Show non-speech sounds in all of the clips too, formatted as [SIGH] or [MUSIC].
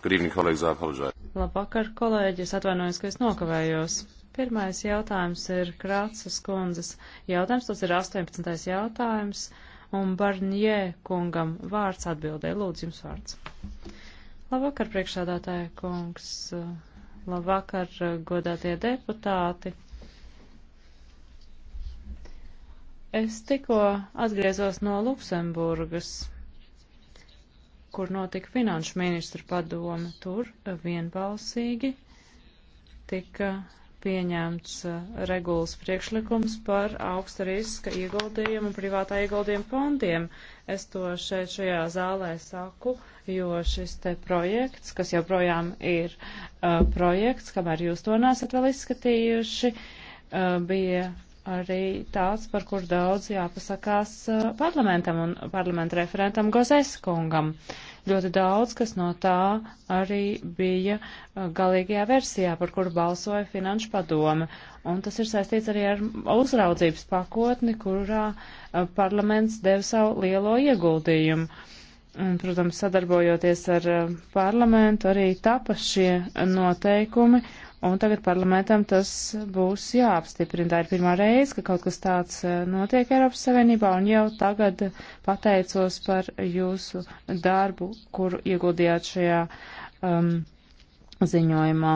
Good evening, colleagues. I apologize. Labvakar, kolēģi. Es atvainojos, ka es nokavējos. Pirmais jautājums ir Krācas kundzes jautājums. Tas ir 18. jautājums. Un Barnie kungam vārds atbildē. Lūdzu, jums vārds. Labvakar, priekšādātāja kungs. Labvakar, godātie deputāti. Es tikko atgriezos no Luksemburgas kur notika finanšu ministru padome. Tur eh, vienbalsīgi tika pieņemts eh, regulas priekšlikums par augsta riska ieguldījumu un privātā ieguldījuma fondiem. Es to šeit šajā zālē saku, jo šis te projekts, kas joprojām ir uh, projekts, kamēr jūs to nesat vēl izskatījuši, uh, bija arī tāds, par kur daudz jāpasakās eh, parlamentam un parlamentu referentam Gozeskungam. Ļoti daudz, kas no tā arī bija eh, galīgajā versijā, par kuru balsoja Finanšu padome. Un tas ir saistīts arī ar uzraudzības pakotni, kurā eh, parlaments deva savu lielo ieguldījumu. Un, protams, sadarbojoties ar parlamentu, arī tapa šie noteikumi Un tagad parlamentam tas būs jāapstiprina. Tā ir pirmā reize, ka kaut kas tāds eh, notiek Eiropas Savienībā, un jau tagad pateicos par jūsu darbu, kuru ieguldījāt šajā um, ziņojumā.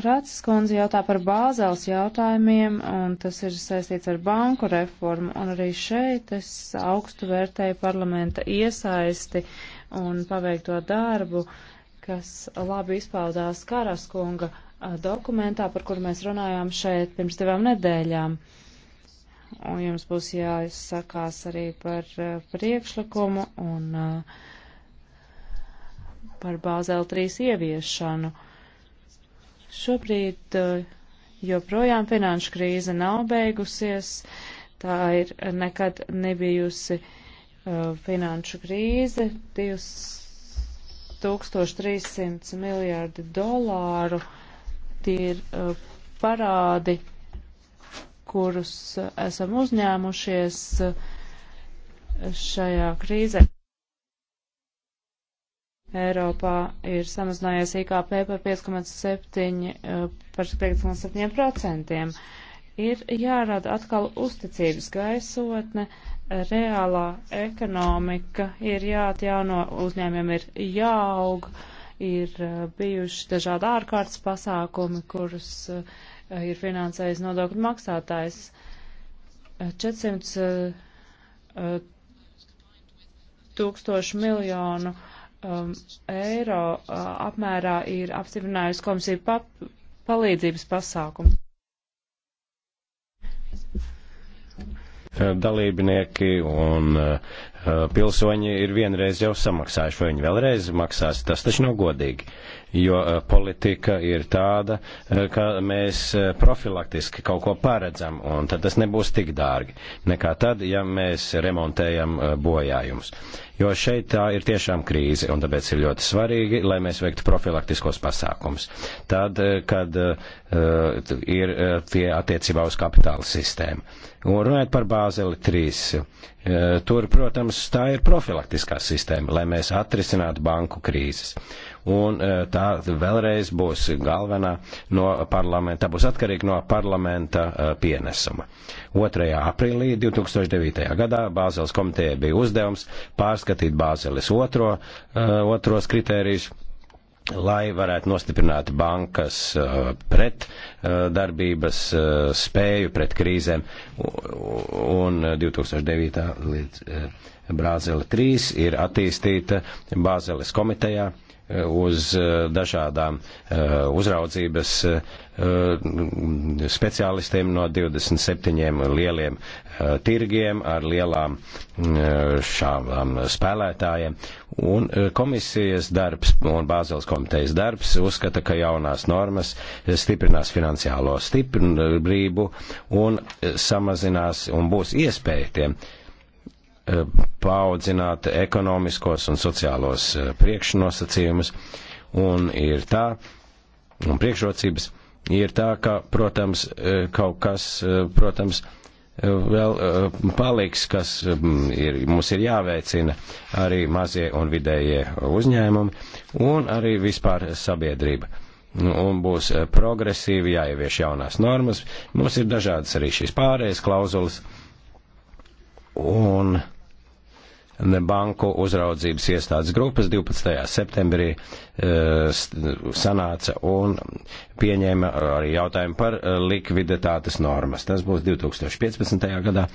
Krācis kundze jautā par bāzēls jautājumiem, un tas ir saistīts ar banku reformu, un arī šeit es augstu vērtēju parlamenta iesaisti un paveikto darbu. Uh, kas labi izpaudās Karaskunga dokumentā, par kuru mēs runājām šeit pirms divām nedēļām. Un jums būs jāsakās arī par priekšlikumu un par Bāzēl 3 ieviešanu. Šobrīd joprojām finanšu krīze nav beigusies, tā ir nekad nebijusi finanšu krīze, divas 1300 miljārdi dolāru. Tie ir uh, parādi, kurus uh, esam uzņēmušies uh, šajā krīzē. Eiropā ir samazinājies IKP par 5,7%. Ir jārada atkal uzticības gaisotne, reālā ekonomika ir jāatjauno, uzņēmiem ir jāaug, ir uh, bijuši dažādi ārkārtas pasākumi, kurus uh, ir finansējis nodokļu maksātājs. 400 uh, tūkstošu miljonu um, eiro uh, apmērā ir apstiprinājusi komisija pap palīdzības pasākumu. dalībnieki un eh, Eh, pilsoņi ir vienreiz jau samaksājuši, vai viņi vēlreiz maksās. Tas taču nav godīgi, jo eh, politika ir tāda, eh, ka mēs profilaktiski kaut ko paredzam, un tad tas nebūs tik dārgi nekā tad, ja mēs remontējam bojājumus. Jo šeit tā ir tiešām krīze, un tāpēc ir ļoti svarīgi, lai mēs veiktu profilaktiskos pasākums. Tad, kad uh, ir tie attiecībā uz kapitāla sistēmu. Un runājot par Bāzeli 3, E, tur, protams, tā ir profilaktiskā sistēma, lai mēs atrisinātu banku krīzes. Un e, tā vēlreiz būs galvenā no parlamenta, būs atkarīga no parlamenta e, pienesuma. 2. aprīlī 2009. gadā Bāzeles komiteja bija uzdevums pārskatīt Bāzeles otro, otros kritērijus lai varētu nostiprināt bankas uh, pret uh, darbības uh, spēju, pret krīzēm. Un 2009. līdz Brāzele 3 ir attīstīta Bāzeles komitejā uz eh, dažādām eh, uzraudzības eh, speciālistiem no 27 lieliem tirgiem ar lielām šām spēlētājiem. Un komisijas darbs un Bāzeles komitejas darbs uzskata, ka jaunās normas stiprinās finansiālo stiprību un samazinās un būs iespēja tiem Eh, paaudzinātu ekonomiskos un sociālos eh, priekšnosacījumus, un ir tā, un priekšrocības ir tā, ka, protams, eh, kaut kas, protams, vēl paliks, kas mm, ir, mums ir jāveicina arī mazie un vidējie uzņēmumi un arī vispār sabiedrība. Un būs progresīvi jāievieš jaunās normas. Mums ir dažādas arī šīs pārējas klauzulas. Uh, un banku uzraudzības iestādes grupas 12. septembrī eh, sanāca un pieņēma arī jautājumu par eh, likviditātes normas. Tas būs 2015. gadā.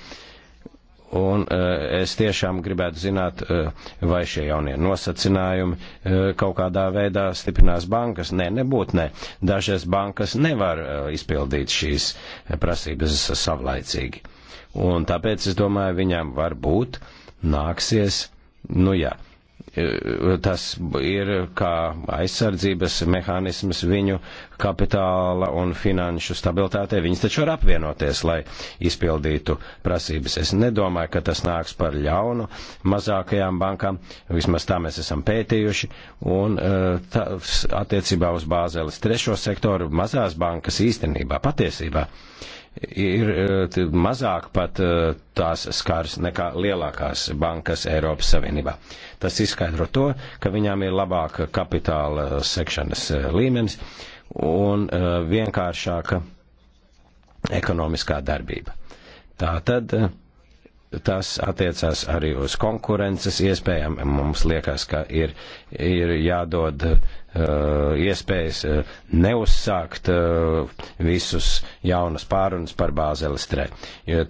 Un eh, es tiešām gribētu zināt, vai šie jaunie nosacinājumi kaut kādā veidā stiprinās bankas. Nē, ne, nebūt nē. Ne. Dažas bankas nevar izpildīt šīs prasības savlaicīgi Un tāpēc, es domāju, viņam var būt nāksies, nu jā, e, tas ir kā aizsardzības mehānisms viņu kapitāla un finanšu stabilitātei. Viņas taču var apvienoties, lai izpildītu prasības. Es nedomāju, ka tas nāks par ļaunu mazākajām bankām, vismaz tā mēs esam pētījuši, un e, tā, attiecībā uz bāzeles trešo sektoru mazās bankas īstenībā, patiesībā ir eh, mazāk pat eh, tās skars nekā lielākās bankas Eiropas Savienībā. Tas izskaidro to, ka viņām ir labāka kapitāla sekšanas eh, līmenis un vienkāršāka ekonomiskā darbība. Tā tad Tas attiecās arī uz konkurences iespējām. Mums liekas, ka ir, ir jādod uh, iespējas uh, neuzsākt uh, visus jaunas pārunas par Bāzeles tre,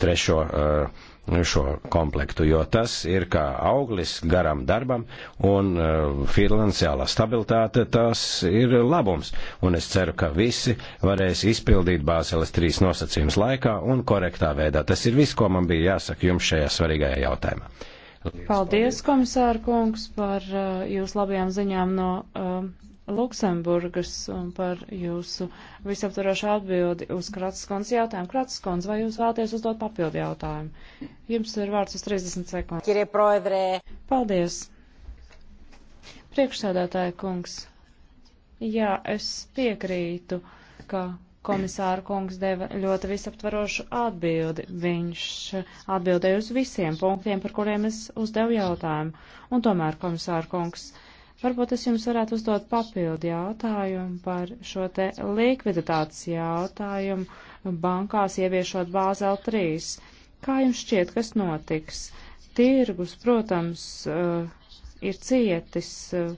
trešo uh, šo komplektu, jo tas ir kā auglis garam darbam un e, finansiālā stabilitāte tas ir labums. Un es ceru, ka visi varēs izpildīt Bāzeles trīs nosacījums laikā un korektā veidā. Tas ir viss, ko man bija jāsaka jums šajā svarīgajā jautājumā. Paldies, komisāra kungs, par uh, jūsu labajām ziņām no uh, Luksemburgas un par jūsu visaptvarošu atbildi uz Kratskundas jautājumu. Kratskundas, vai jūs vēlaties uzdot papildu jautājumu? Jums ir vārds uz 30 sekundes. Paldies. Priekšsēdētāja kungs. Jā, es piekrītu, ka komisāra kungs deva ļoti visaptvarošu atbildi. Viņš atbildēja uz visiem punktiem, par kuriem es uzdevu jautājumu. Un tomēr, komisāra kungs, uh, Varbūt es jums varētu uzdot papildu jautājumu par šo te likviditātes jautājumu bankās ieviešot Bāzel 3. Kā jums šķiet, kas notiks? Tirgus, protams, eh, ir cietis. Eh,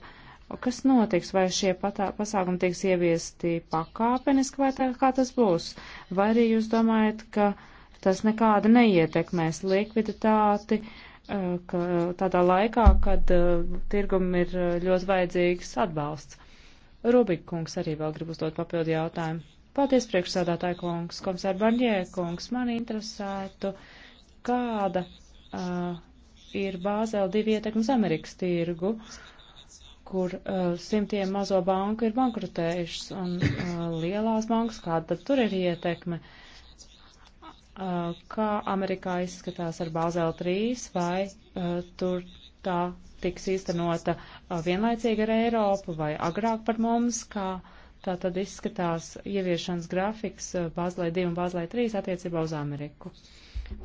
kas notiks, vai šie patā, pasākumi tiks ieviesti pakāpeniski, vai tā kā tas būs? Vai arī jūs domājat, ka tas nekāda neietekmēs likviditāti? Uh, Eh, ka tādā laikā, kad eh, tirgum ir eh, ļoti vajadzīgs atbalsts. Rubik kungs arī vēl grib uzdot papildu jautājumu. Paldies, priekšsādātāja kungs, komisāra Barņē kungs, man interesētu, kāda uh, ir Bāzēla divi ietekmes Amerikas tirgu, kur uh, simtiem mazo banku ir bankrutējušas, un uh, lielās bankas, kāda tad tur ir ietekme. Uh, Uh, kā Amerikā izskatās ar Bāzēlu 3, vai uh, tur tā tiks īstenota uh, vienlaicīgi ar Eiropu vai agrāk par mums, kā tā tad izskatās ieviešanas grafiks uh, Bāzēlē 2 un Bāzēlē 3 attiecībā uz Ameriku.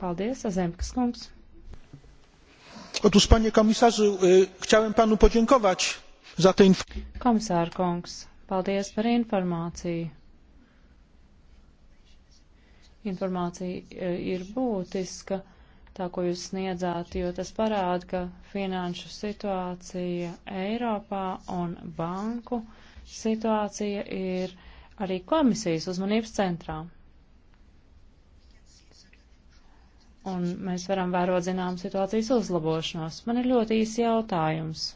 Paldies, Zemkas kungs. Otóż, panie komisarzu, chciałem panu podziękować za tę informację. Komisār kungs, paldies par informāciju informācija e, ir būtiska, tā ko jūs sniedzāt, jo tas parāda, ka finanšu situācija Eiropā un banku situācija ir arī komisijas uzmanības centrā. Un mēs varam vērot zinām situācijas uzlabošanos. Man ir ļoti īsi jautājums.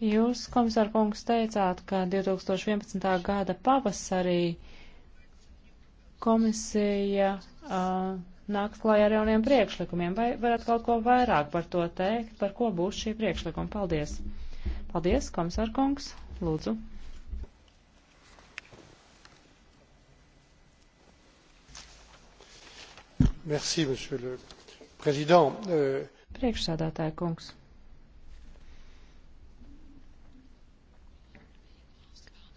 Jūs, komisār kungs, teicāt, ka 2011. gada pavasarī uh, komisija uh, nāks klājā ar jauniem priekšlikumiem. Vai varat kaut ko vairāk par to teikt, par ko būs šī priekšlikuma? Paldies! Paldies, komisārkungs! Lūdzu! Merci, monsieur le président. Euh, Priekšsādātāja kungs.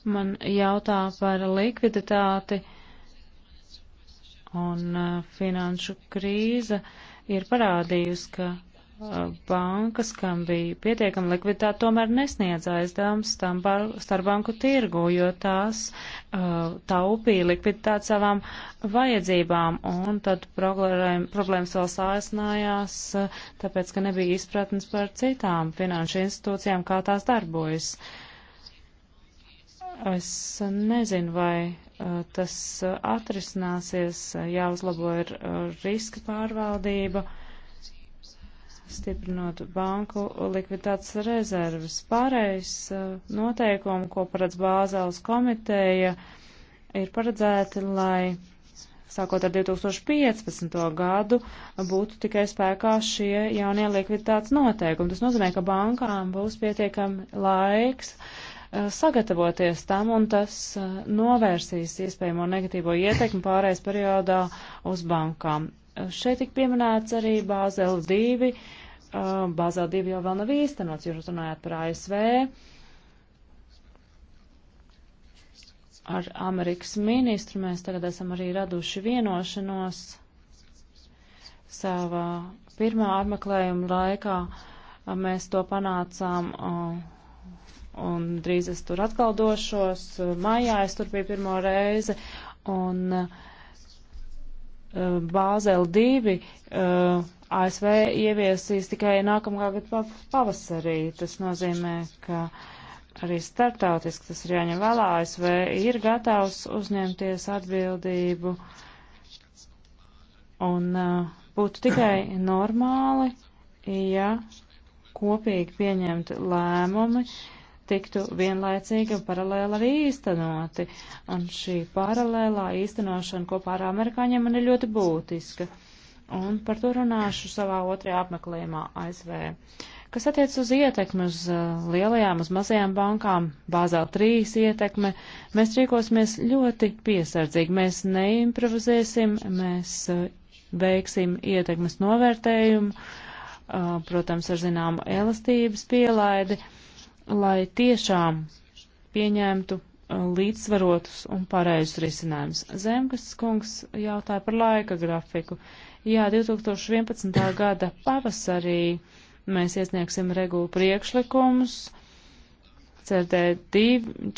Man jautā par likviditāti Un uh, finanšu krīze ir parādījusi, ka uh, bankas, kam bija pietiekama likviditāte, tomēr nesniedz aizdevums starpbanku tirgu, jo tās uh, taupīja likviditāti savām vajadzībām, un tad problēmas vēl sāsinājās, uh, tāpēc, ka nebija izpratnes par citām finanšu institūcijām, kā tās darbojas. Uh, Es nezinu, vai uh, tas uh, atrisināsies, uh, jāuzlabo ir uh, riska pārvaldība, stiprinot banku likviditātes rezerves. Pārējais uh, noteikumi, ko paredz Bāzēlas komiteja, ir paredzēti, lai sākot ar 2015. gadu būtu tikai spēkā šie jaunie likviditātes noteikumi. Tas nozīmē, ka bankām būs pietiekami laiks. Uh, Eh, sagatavoties tam, un tas eh, novērsīs iespējamo negatīvo ietekmi pārējais periodā uz bankām. Eh, šeit tik pieminēts arī Bāzel 2. Bāzel 2 jau vēl nav īstenots, jūs runājāt par ASV. Ar Amerikas ministru mēs tagad esam arī raduši vienošanos savā pirmā apmeklējuma laikā. Mēs to panācām uh, un drīz es tur atkal došos. Maijā es tur biju pirmo reizi, un uh, Bāzeli 2 uh, eh, ASV ieviesīs tikai nākamā gada pavasarī. Tas nozīmē, ka arī startautiski tas ir jāņem vēlā. ASV ir gatavs uzņemties atbildību, un uh, būtu tikai normāli, ja kopīgi pieņemti lēmumi. Uh, tiktu vienlaicīgi un paralēli arī īstenoti. Un šī paralēlā īstenošana kopā ar amerikāņiem man ir ļoti būtiska. Un par to runāšu savā otrajā apmeklējumā ASV. Kas attiec uz ietekmi uz uh, lielajām, uz mazajām bankām, Bāzēl 3 ietekme, mēs rīkosimies ļoti piesardzīgi. Mēs neimprovizēsim, mēs uh, veiksim ietekmes novērtējumu, uh, protams, ar zināmu elastības pielaidi. Uh, lai tiešām pieņemtu uh, līdzsvarotus un pareizus risinājumus. Zemkas kungs jautāja par laika grafiku. Jā, 2011. gada pavasarī mēs iesniegsim regulu priekšlikumus CRD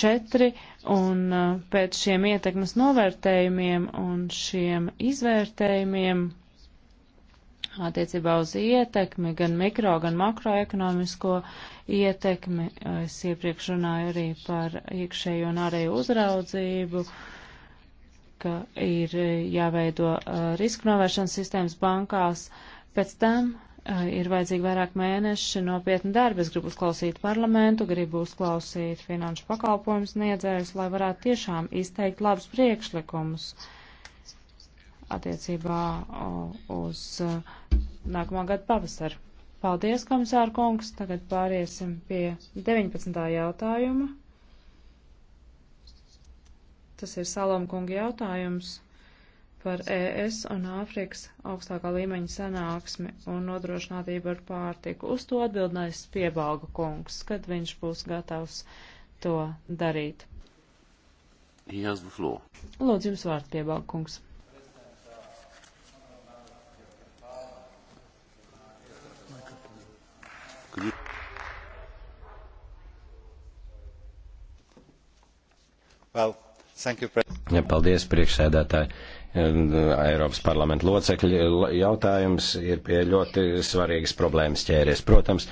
4 un uh, pēc šiem ietekmes novērtējumiem un šiem izvērtējumiem attiecībā uz ietekmi, gan mikro, gan makroekonomisko ietekmi. Es iepriekš runāju arī par iekšējo un ārēju uzraudzību, ka ir eh, jāveido eh, riska novēršanas sistēmas bankās. Pēc tam eh, ir vajadzīgi vairāk mēneši nopietni darbi. Es gribu uzklausīt parlamentu, gribu uzklausīt finanšu pakalpojumus niedzējus, lai varētu tiešām izteikt labus priekšlikumus. Uh, attiecībā uz e, nākamā gada pavasaru. Paldies, komisāra kungs. Tagad pāriesim pie 19. jautājuma. Tas ir Salomkunga jautājums par ES un Āfrikas augstākā līmeņa sanāksmi un nodrošinātību ar pārtiku. Uz to atbildinājis piebalga kungs, kad viņš būs gatavs to darīt. Lūdzu, jums vārds piebalga kungs. Well, you, ja, paldies, priekšsēdētāji. Uh, Eiropas parlamenta locekļi jautājums ir pie ļoti svarīgas problēmas ķēries. Protams,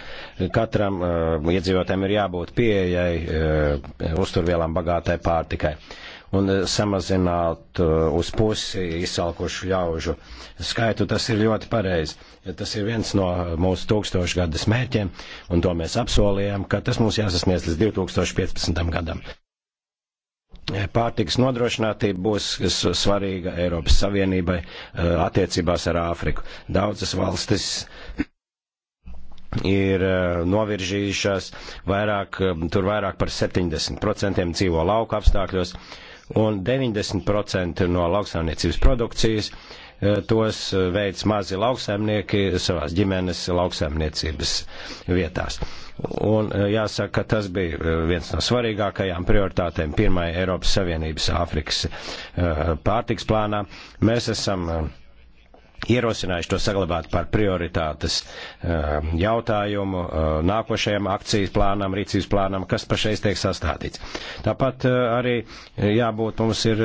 katram uh, iedzīvotājiem ir jābūt pieejai uh, uzturvielām bagātai pārtikai un uh, samazināt uh, uz pusi izsalkušu ļaužu skaitu, tas ir ļoti pareizi. Tas ir viens no mūsu tūkstošgadas mērķiem, un to mēs apsolījām, ka tas mums jāsasniedz līdz 2015. gadam pārtiks nodrošinātība būs svarīga Eiropas Savienībai e, attiecībās ar Āfriku. Daudzas valstis ir e, novirzījušās vairāk, e, tur vairāk par 70% dzīvo lauka apstākļos un 90% no lauksaimniecības produkcijas uh, tos veids mazi lauksaimnieki savās ģimenes lauksaimniecības vietās. Un eh, jāsaka, ka tas bija eh, viens no svarīgākajām prioritātēm pirmai Eiropas Savienības Āfrikas eh, pārtiks plānā. Mēs esam ierosinājuši to saglabāt par prioritātes eh, jautājumu eh, nākošajam akcijas plānam, rīcības plānam, kas pašais tiek sastādīts. Tāpat eh, arī jābūt mums ir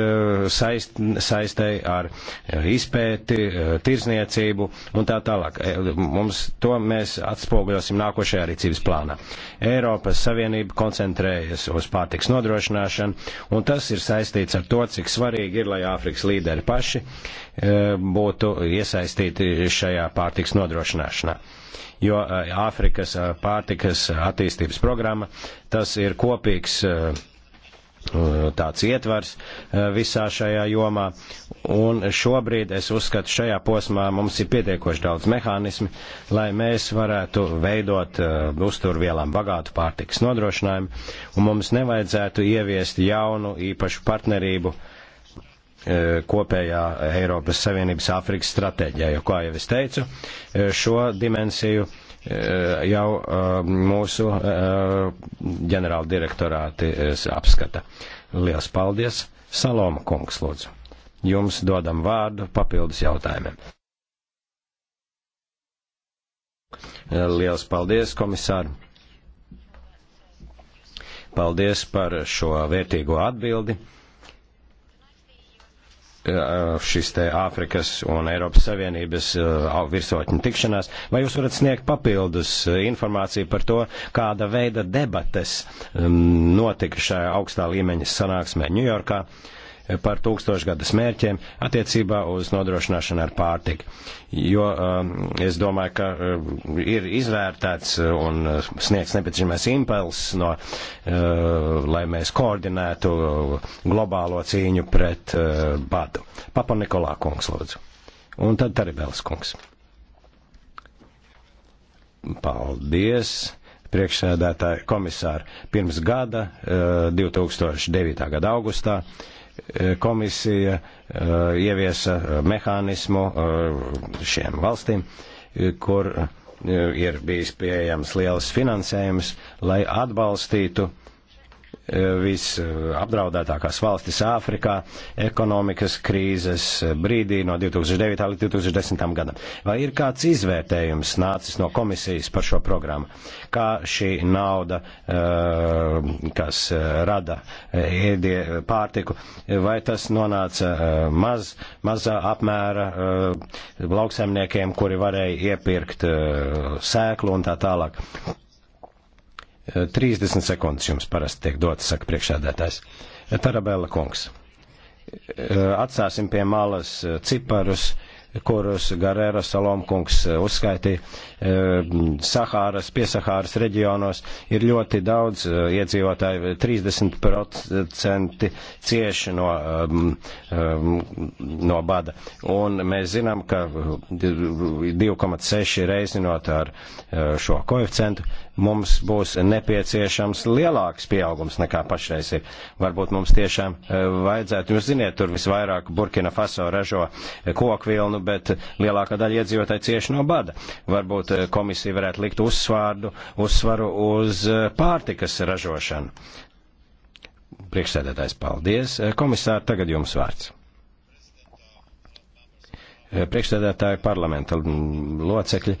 saist, saistei ar izpēti, tirzniecību un tā tālāk. Mums to mēs atspoguļosim nākošajā rīcības plānā. Eiropas Savienība koncentrējas uz pārtiks nodrošināšanu, un tas ir saistīts ar to, cik svarīgi ir, lai Āfrikas līderi paši būtu iesaistīti iesaistīti šajā pārtiks nodrošināšanā. Jo eh, Āfrikas eh, pārtikas attīstības programma tas ir kopīgs eh, tāds ietvars visā šajā jomā. Un šobrīd es uzskatu, šajā posmā mums ir pietiekoši daudz mehānismi, lai mēs varētu veidot uzturvielām bagātu pārtikas nodrošinājumu, un mums nevajadzētu ieviest jaunu īpašu partnerību uh, E, kopējā Eiropas Savienības Āfrikas stratēģijā, jo, kā jau es teicu, e, šo dimensiju e, jau mūsu ģenerāla direktorāti apskata. Liels paldies! Saloma kungs, lūdzu! Jums dodam vārdu papildus jautājumiem. Liels paldies, komisāri! Paldies par šo vērtīgo atbildi. Uh, šis te Āfrikas un Eiropas Savienības uh, virsotņu tikšanās, vai jūs varat sniegt papildus uh, informāciju par to, kāda veida debates um, notika šajā augstā līmeņa sanāksmē Ņujorkā? Uh, par tūkstošgadas mērķiem attiecībā uz nodrošināšanu ar pārtiku. Jo um, es domāju, ka um, ir izvērtēts un sniegts nepieciešamais impels, no, uh, lai mēs koordinētu globālo cīņu pret uh, badu. Papa Nikolā kungs, lūdzu. Un tad Taribēls kungs. Paldies! priekšsēdētāja komisāra pirms gada, 2009. Uh, gada augustā, komisija eh, ieviesa mehānismu eh, šiem valstīm, eh, kur ir bijis pieejams liels finansējums, lai atbalstītu visapdraudētākās valstis Āfrikā ekonomikas krīzes brīdī no 2009. līdz 2010. gadam. Vai ir kāds izvērtējums nācis no komisijas par šo programmu? Kā šī nauda, eh, kas eh, rada eh, pārtiku, vai tas nonāca maz, mazā apmēra lauksaimniekiem, kuri varēja iepirkt sēklu un tā tālāk? 30 sekundes jums parasti tiek dotas, saka priekšādētājs. Tarabēla kungs. Atstāsim pie malas ciparus, kurus Garēra Salomkungs uzskaitīja. Sahāras, piesahāras reģionos ir ļoti daudz iedzīvotāju, 30% cieši no, no bada. Un mēs zinām, ka 2,6 reizinot ar šo koeficientu mums būs nepieciešams lielāks pieaugums nekā pašreiz ir. Varbūt mums tiešām e, vajadzētu, jūs ziniet, tur visvairāk Burkina Faso ražo e, kokvilnu, bet lielākā daļa iedzīvotāji cieši no bada. Varbūt e, komisija varētu likt uzsvārdu, uzsvaru uz pārtikas ražošanu. Priekšsēdētājs, paldies. Komisāri, tagad jums vārds priekšstādātāji parlamenta locekļi,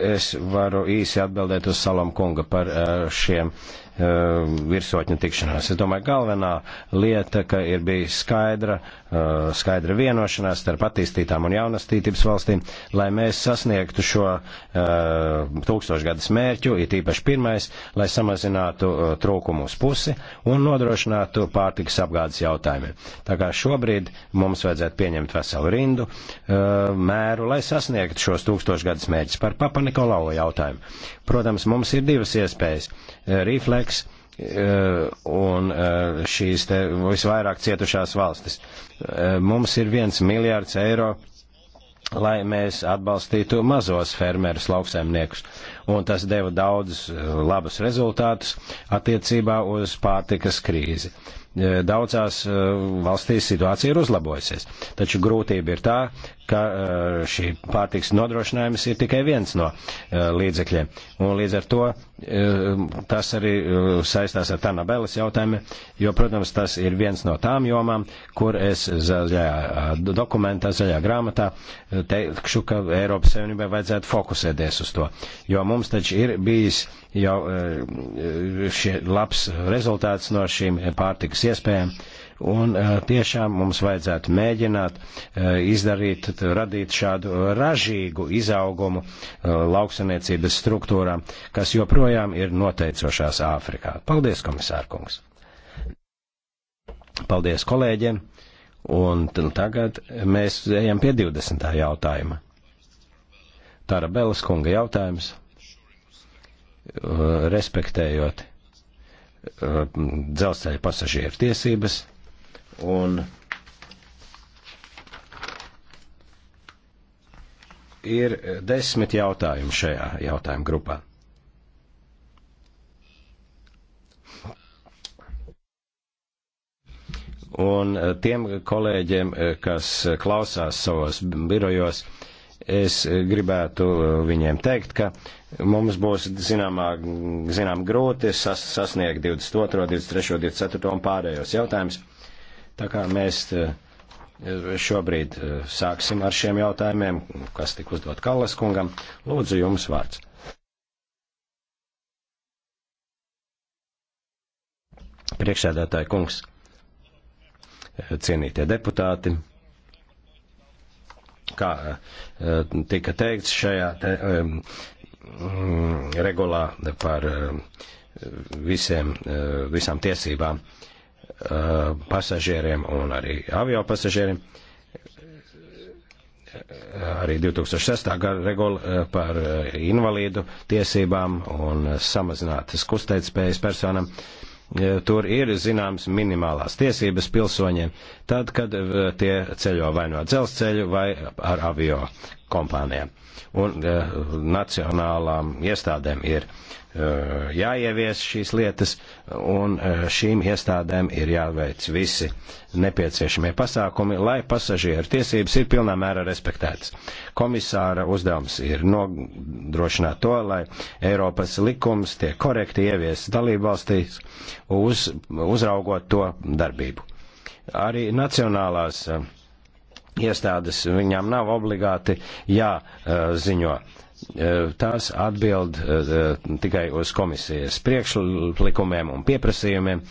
Es varu īsi atbildēt uz Salam kunga par eh, šiem eh, virsotņu tikšanās. Es domāju, galvenā lieta, ka ir bijis skaidra, eh, skaidra vienošanās starp attīstītām un jaunastītības valstīm, lai mēs sasniegtu šo tūkstošgadas mērķu, it īpaši pirmais, lai samazinātu trūkumu uz pusi un nodrošinātu pārtikas apgādes jautājumiem. Tā kā šobrīd mums vajadzētu pieņemt veselu rindu mēru, lai sasniegtu šos tūkstošgadas mērķus par papanājumu par Nikolauju jautājumu. Protams, mums ir divas iespējas. Eh, Refleks eh, un eh, šīs te visvairāk cietušās valstis. Mums ir viens miljārds eiro, lai mēs atbalstītu mazos fermerus lauksaimniekus. Un tas deva daudz labus rezultātus attiecībā uz pārtikas krīzi daudzās valstīs situācija ir uzlabojusies. Taču grūtība ir tā, ka eh, šī pārtiks nodrošinājums ir tikai viens no eh, līdzekļiem. Un līdz ar to eh, tas arī saistās ar Tanabeles jautājumu, jo, protams, tas ir viens no tām jomām, kur es zaļajā dokumentā, zaļajā grāmatā teikšu, ka Eiropas Savienībai vajadzētu fokusēties uz to. Jo mums taču ir bijis jau šie labs rezultāts no šīm pārtiks iespējām. Un eh, tiešām mums vajadzētu mēģināt eh, izdarīt, radīt šādu ražīgu izaugumu eh, lauksaniecības struktūrām, kas joprojām ir noteicošās Āfrikā. Paldies, komisārkungs! Paldies kolēģiem! Un tagad mēs ejam pie 20. jautājuma. Tāra Belas kunga jautājums, respektējot dzelzceļa pasažieru tiesības. Un ir desmit jautājumi šajā jautājuma grupā. Un e, tiem kolēģiem, e, kas klausās savos birojos, es gribētu e, viņiem teikt, ka mums būs zināmā, zinām grūti sas, sasniegt 22., 23., 24. un pārējos jautājumus. Tā kā mēs eh, šobrīd eh, sāksim ar šiem jautājumiem, kas tika uzdot Kallas kungam, lūdzu jums vārds. Priekšsēdētāji kungs, eh, cienītie deputāti, kā tika teikts šajā te, um, regulā par visiem, visām tiesībām. Uh, pasažieriem un arī avio pasažieriem. Arī 2006. gada regula uh, par uh, invalīdu tiesībām un samazinātas kustētspējas personam. Tur ir zināms minimālās tiesības pilsoņiem, tad, kad tie ceļo vai no dzelzceļu vai ar avio kompānijām. Un nacionālām iestādēm ir uh, Eh, jāievies šīs lietas, un eh, šīm iestādēm ir jāveic visi nepieciešamie pasākumi, lai pasažieru tiesības ir pilnā mērā respektētas. Komisāra uzdevums ir nodrošināt to, lai Eiropas likums tiek korekti ieviests dalībvalstīs, uz, uzraugot to darbību. Arī nacionālās eh, iestādes viņām nav obligāti jāziņo. Uh, Eh, tās atbild eh, tikai uz komisijas priekšlikumiem un pieprasījumiem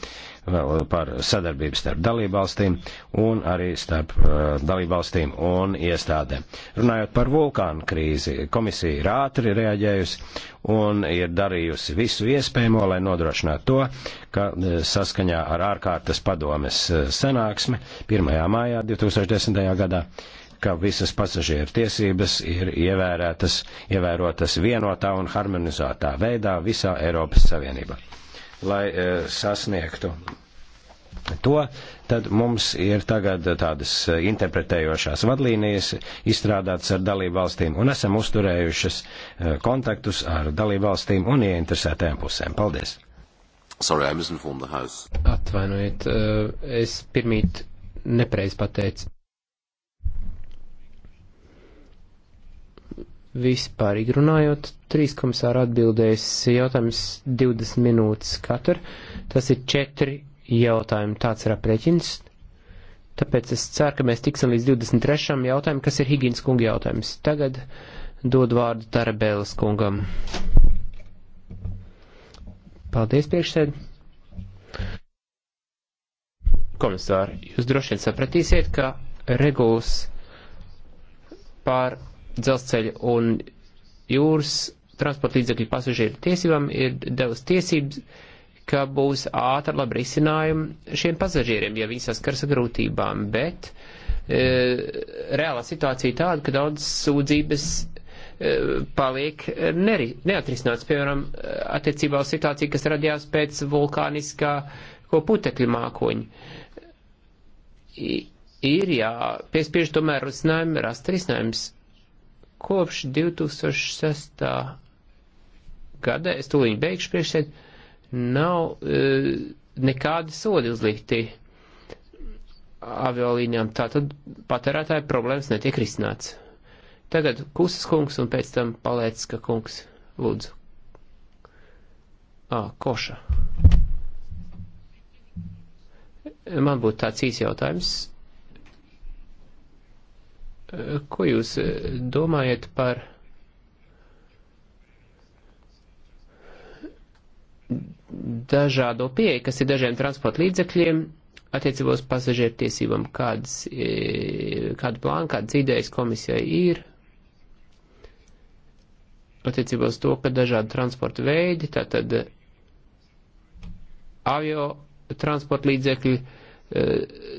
par sadarbību starp dalībvalstīm un arī starp eh, dalībvalstīm un iestādēm. Runājot par vulkānu krīzi, komisija ir ātri reaģējusi un ir darījusi visu iespējamo, lai nodrošinātu to, ka saskaņā ar ārkārtas padomes sanāksmi 1. mājā 2010. gadā ka visas pasažieru tiesības ir ievērētas, ievērotas vienotā un harmonizētā veidā visā Eiropas Savienībā. Lai e, sasniegtu to, tad mums ir tagad tādas e, interpretējošās vadlīnijas izstrādātas ar dalību valstīm un esam uzturējušas e, kontaktus ar dalību valstīm un ieinteresētajām pusēm. Paldies! Sorry, I misinformed the house. Atvainojiet, e, es pirmīt nepreiz pateicu. Vispārīgi runājot, trīs komisāri atbildēs jautājums 20 minūtes katru. Tas ir četri jautājumi. Tāds ir aprēķins. Tāpēc es ceru, ka mēs tiksim līdz 23. jautājumam, kas ir Higgins kunga jautājums. Tagad dod vārdu Tarabēlas kungam. Paldies, priekšsēd. Komisāri, jūs droši vien sapratīsiet, ka regulas pār dzelzceļa un jūras transporta līdzekļu pasažieru tiesībām ir devis tiesības, ka būs ātri labi risinājumi šiem pasažieriem, ja viņi saskars ar grūtībām, bet e, reālā situācija tāda, ka daudz sūdzības e, paliek neri, neatrisināts, piemēram, attiecībā uz situāciju, kas radījās pēc vulkāniskā ko putekļu mākoņa. I, ir jā, piespiež tomēr risinājumu, rast risinājums Kopš 2006. gada, es tūlīt beigšu priekšsēd, nav e, nekādi sodi uzlikti aviolīņām. Tātad patērētāju problēmas netiek risināts. Tagad Kusas kungs un pēc tam Palēcka kungs. Lūdzu. Ā, Koša. Man būtu tāds īs jautājums Ko jūs eh, domājat par dažādo pieeju, kas ir dažiem transporta līdzekļiem, attiecībos pasažieru tiesībām, kādas, eh, kāda plāna, kādas idejas komisijai ir, attiecībos to, ka dažādi transporta veidi, tātad avio transporta līdzekļi,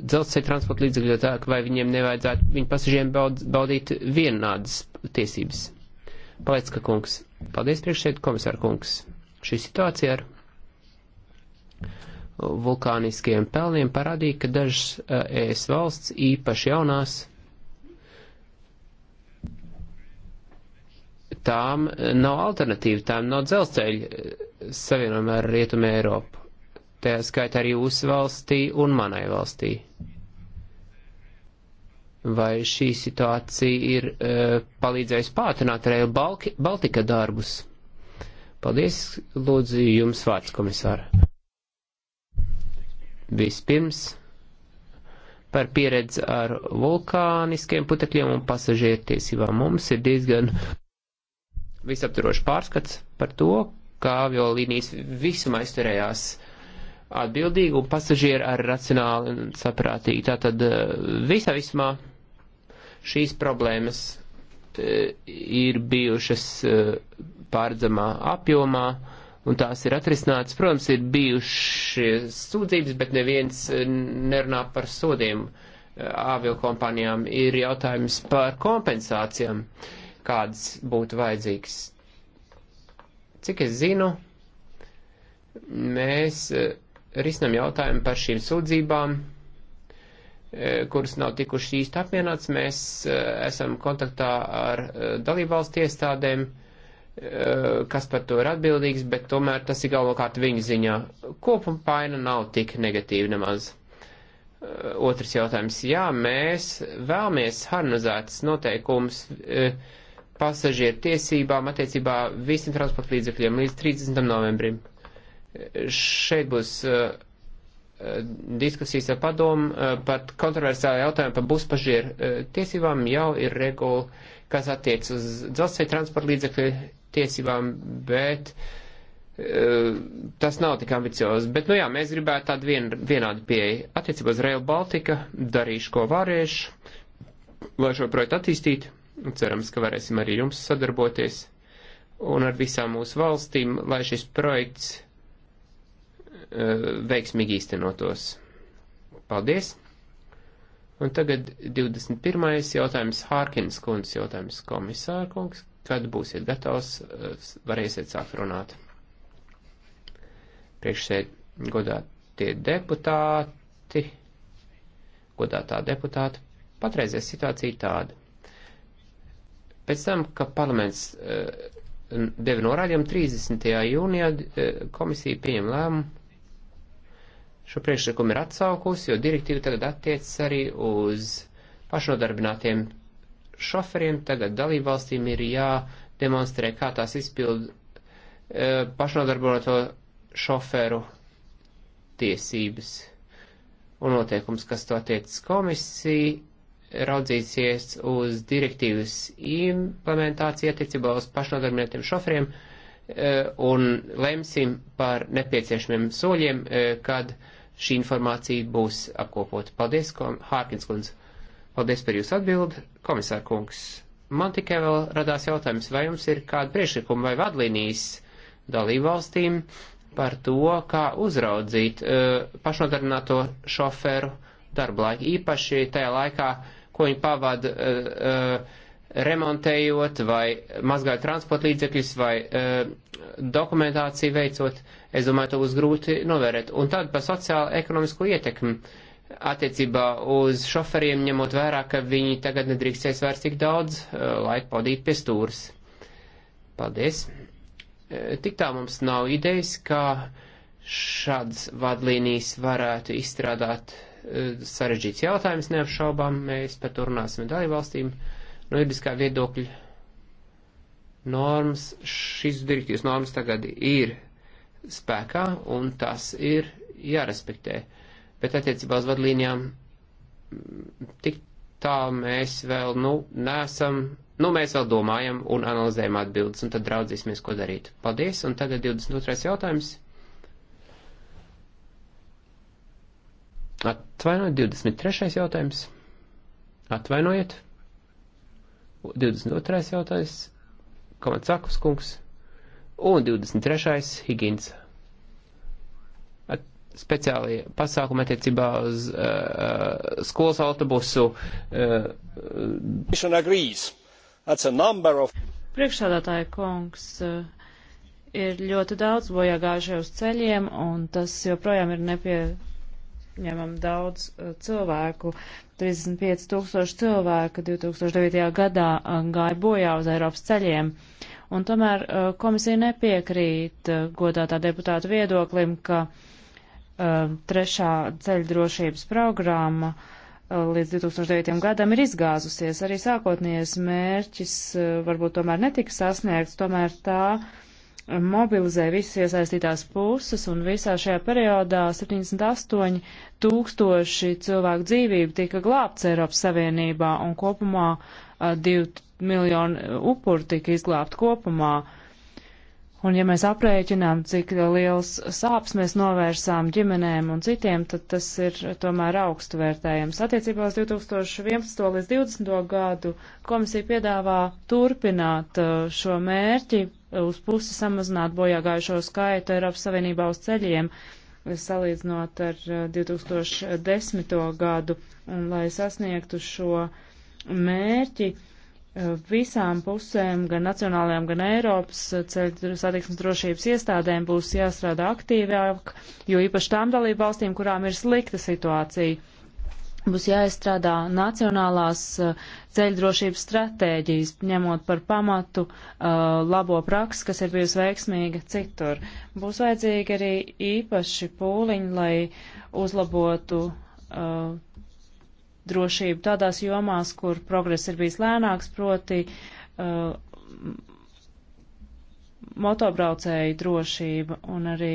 dzelzceļa transporta līdzekļu, vai viņiem nevajadzētu viņu pasažiem baud, baudīt vienādas tiesības. Palecka kungs. Paldies priekšsēd komisāra kungs. Šī situācija ar vulkāniskiem pelniem parādīja, ka dažas eh, ES valsts, īpaši jaunās, tām eh, nav alternatīva, tām nav dzelzceļa eh, savienojuma ar Rietumu Eiropu tā skaitā arī jūsu valstī un manai valstī. Vai šī situācija ir uh, palīdzējusi pātrināt Rail Baltica darbus? Paldies, lūdzu, jums vārds, komisāra. Vispirms par pieredzi ar vulkāniskiem putekļiem un pasažieru tiesībām. Mums ir diezgan visaptvarošs pārskats par to, kā aviolīnijas visumā izturējās uh, atbildīgi un pasažieri ar racionāli un saprātīgi. Tātad eh, visā vismā šīs problēmas eh, ir bijušas eh, pārdzamā apjomā un tās ir atrisinātas. Protams, ir bijušas sūdzības, bet neviens nerunā par sodiem aviokompānijām. Ir jautājums par kompensācijām, kādas būtu vajadzīgas. Cik es zinu, mēs risinam jautājumu par šīm sūdzībām, e, kuras nav tikušas īsti apmienāts. Mēs e, esam kontaktā ar e, dalībvalstu iestādēm, kas par to ir atbildīgs, bet tomēr tas ir galvenokārt viņa ziņā. Kopuma paina nav tik negatīva nemaz. Otrs jautājums. Jā, mēs vēlamies harmonizētas noteikumus pasažieru tiesībām attiecībā visiem transporta līdzekļiem līdz 30. novembrim Šeit būs uh, uh, diskusijas ar padomu uh, par kontroversālu jautājumu par buspažieru tiesībām jau ir regula, kas attiec uz dzelzceļa transporta līdzekļu tiesībām, bet tas nav tik ambiciozs. Bet, nu jā, mēs gribētu tādu vien, vienādu pieeju. Attiecībā uz Rail Baltica darīšu, ko varēšu, lai šo projektu attīstītu. Cerams, ka varēsim arī jums sadarboties un ar visām mūsu valstīm, lai šis projekts Eh, veiksmīgi īstenotos. Paldies! Un tagad 21. jautājums Hārkins kundzes jautājums komisāra kungs. Kad būsiet gatavs, eh, varēsiet sākt runāt. Priekšsēd godātie deputāti, godātā deputāta, patreizē situācija tāda. Pēc tam, ka parlaments eh, deva norādījumu 30. jūnijā, komisija pieņem lēmumu šo priekšlikumu ir atsaukusi, jo direktīva tagad attiecas arī uz pašnodarbinātiem šoferiem. Tagad dalībvalstīm ir jādemonstrē, kā tās izpild e, pašnodarbināto šoferu tiesības un noteikums, kas to attiecas komisija, raudzīsies uz direktīvas implementāciju attiecībā uz pašnodarbinātiem šoferiem e, un lemsim par nepieciešamiem soļiem, e, kad uh, šī informācija būs apkopota. Paldies, kom... Hārkins kundze. Paldies par jūsu atbildi, komisār kungs. Man tikai vēl radās jautājums, vai jums ir kāda priekšlikuma vai vadlīnijas dalībvalstīm par to, kā uzraudzīt uh, pašnodarbināto šoferu darba laiku, īpaši tajā laikā, ko viņi pavada uh, uh, remontējot vai mazgājot transporta līdzekļus vai e, dokumentāciju veicot, es domāju, to būs grūti novērēt. Un tad par sociālo ekonomisko ietekmi attiecībā uz šoferiem, ņemot vērā, ka viņi tagad nedrīkstēs vairs tik daudz e, laika pavadīt pie stūras. Paldies! E, tik tā mums nav idejas, kā šādas vadlīnijas varētu izstrādāt e, sarežģīts jautājums neapšaubām. Mēs par to runāsim dalībvalstīm. valstīm No juridiskā viedokļa normas, šīs direktīvas normas tagad ir spēkā un tas ir jārespektē. Bet attiecībā uz vadlīnijām tik tā mēs vēl, nu, nesam, nu, mēs vēl domājam un analizējam atbildes, un tad draudzīsimies, ko darīt. Paldies, un tagad 22. jautājums. Atvainojiet, 23. jautājums. Atvainojiet. 22. jautājums, Komatsakus kungs, un 23. Higins. At, speciāli pasākumi attiecībā uz uh, uh skolas autobusu. Uh, of... Priekšsādātāja kungs. Uh, ir ļoti daudz bojāgājušie uz ceļiem, un tas joprojām ir nepieņemam daudz uh, cilvēku. 35 tūkstoši cilvēku 2009. gadā uh, gāja bojā uz Eiropas ceļiem. Un tomēr uh, komisija nepiekrīt uh, godātā deputāta viedoklim, ka trešā ceļu drošības programma līdz 2009. gadam ir izgāzusies. Arī sākotnējais mērķis varbūt tomēr netika sasniegts, tomēr tā uh, mobilizē visas iesaistītās puses, un visā šajā periodā 78 tūkstoši cilvēku dzīvību tika glābts Eiropas Savienībā, un kopumā 2 miljonu upuru tika izglābt kopumā. Un ja mēs aprēķinām, cik liels sāps mēs novērsām ģimenēm un citiem, tad tas ir tomēr augstu vērtējams. Attiecībā uz 2011. līdz 2020. gadu komisija piedāvā turpināt šo mērķi uz pusi samazināt bojāgājušo skaitu Eiropas Savienībā uz ceļiem, salīdzinot ar 2010. Uh, gadu, un lai sasniegtu šo mērķi, uh, visām pusēm, gan nacionālajām, gan Eiropas uh, ceļu satiksmes drošības iestādēm būs jāstrādā aktīvāk, jo īpaši tām dalību valstīm, kurām ir slikta situācija Būs jāizstrādā nacionālās eh, ceļdrošības stratēģijas, ņemot par pamatu uh, labo praksi, kas ir bijusi veiksmīga citur. Būs vajadzīgi arī īpaši pūliņi, lai uzlabotu uh, drošību tādās jomās, kur progress ir bijis lēnāks, proti uh, motobraucēju drošība un arī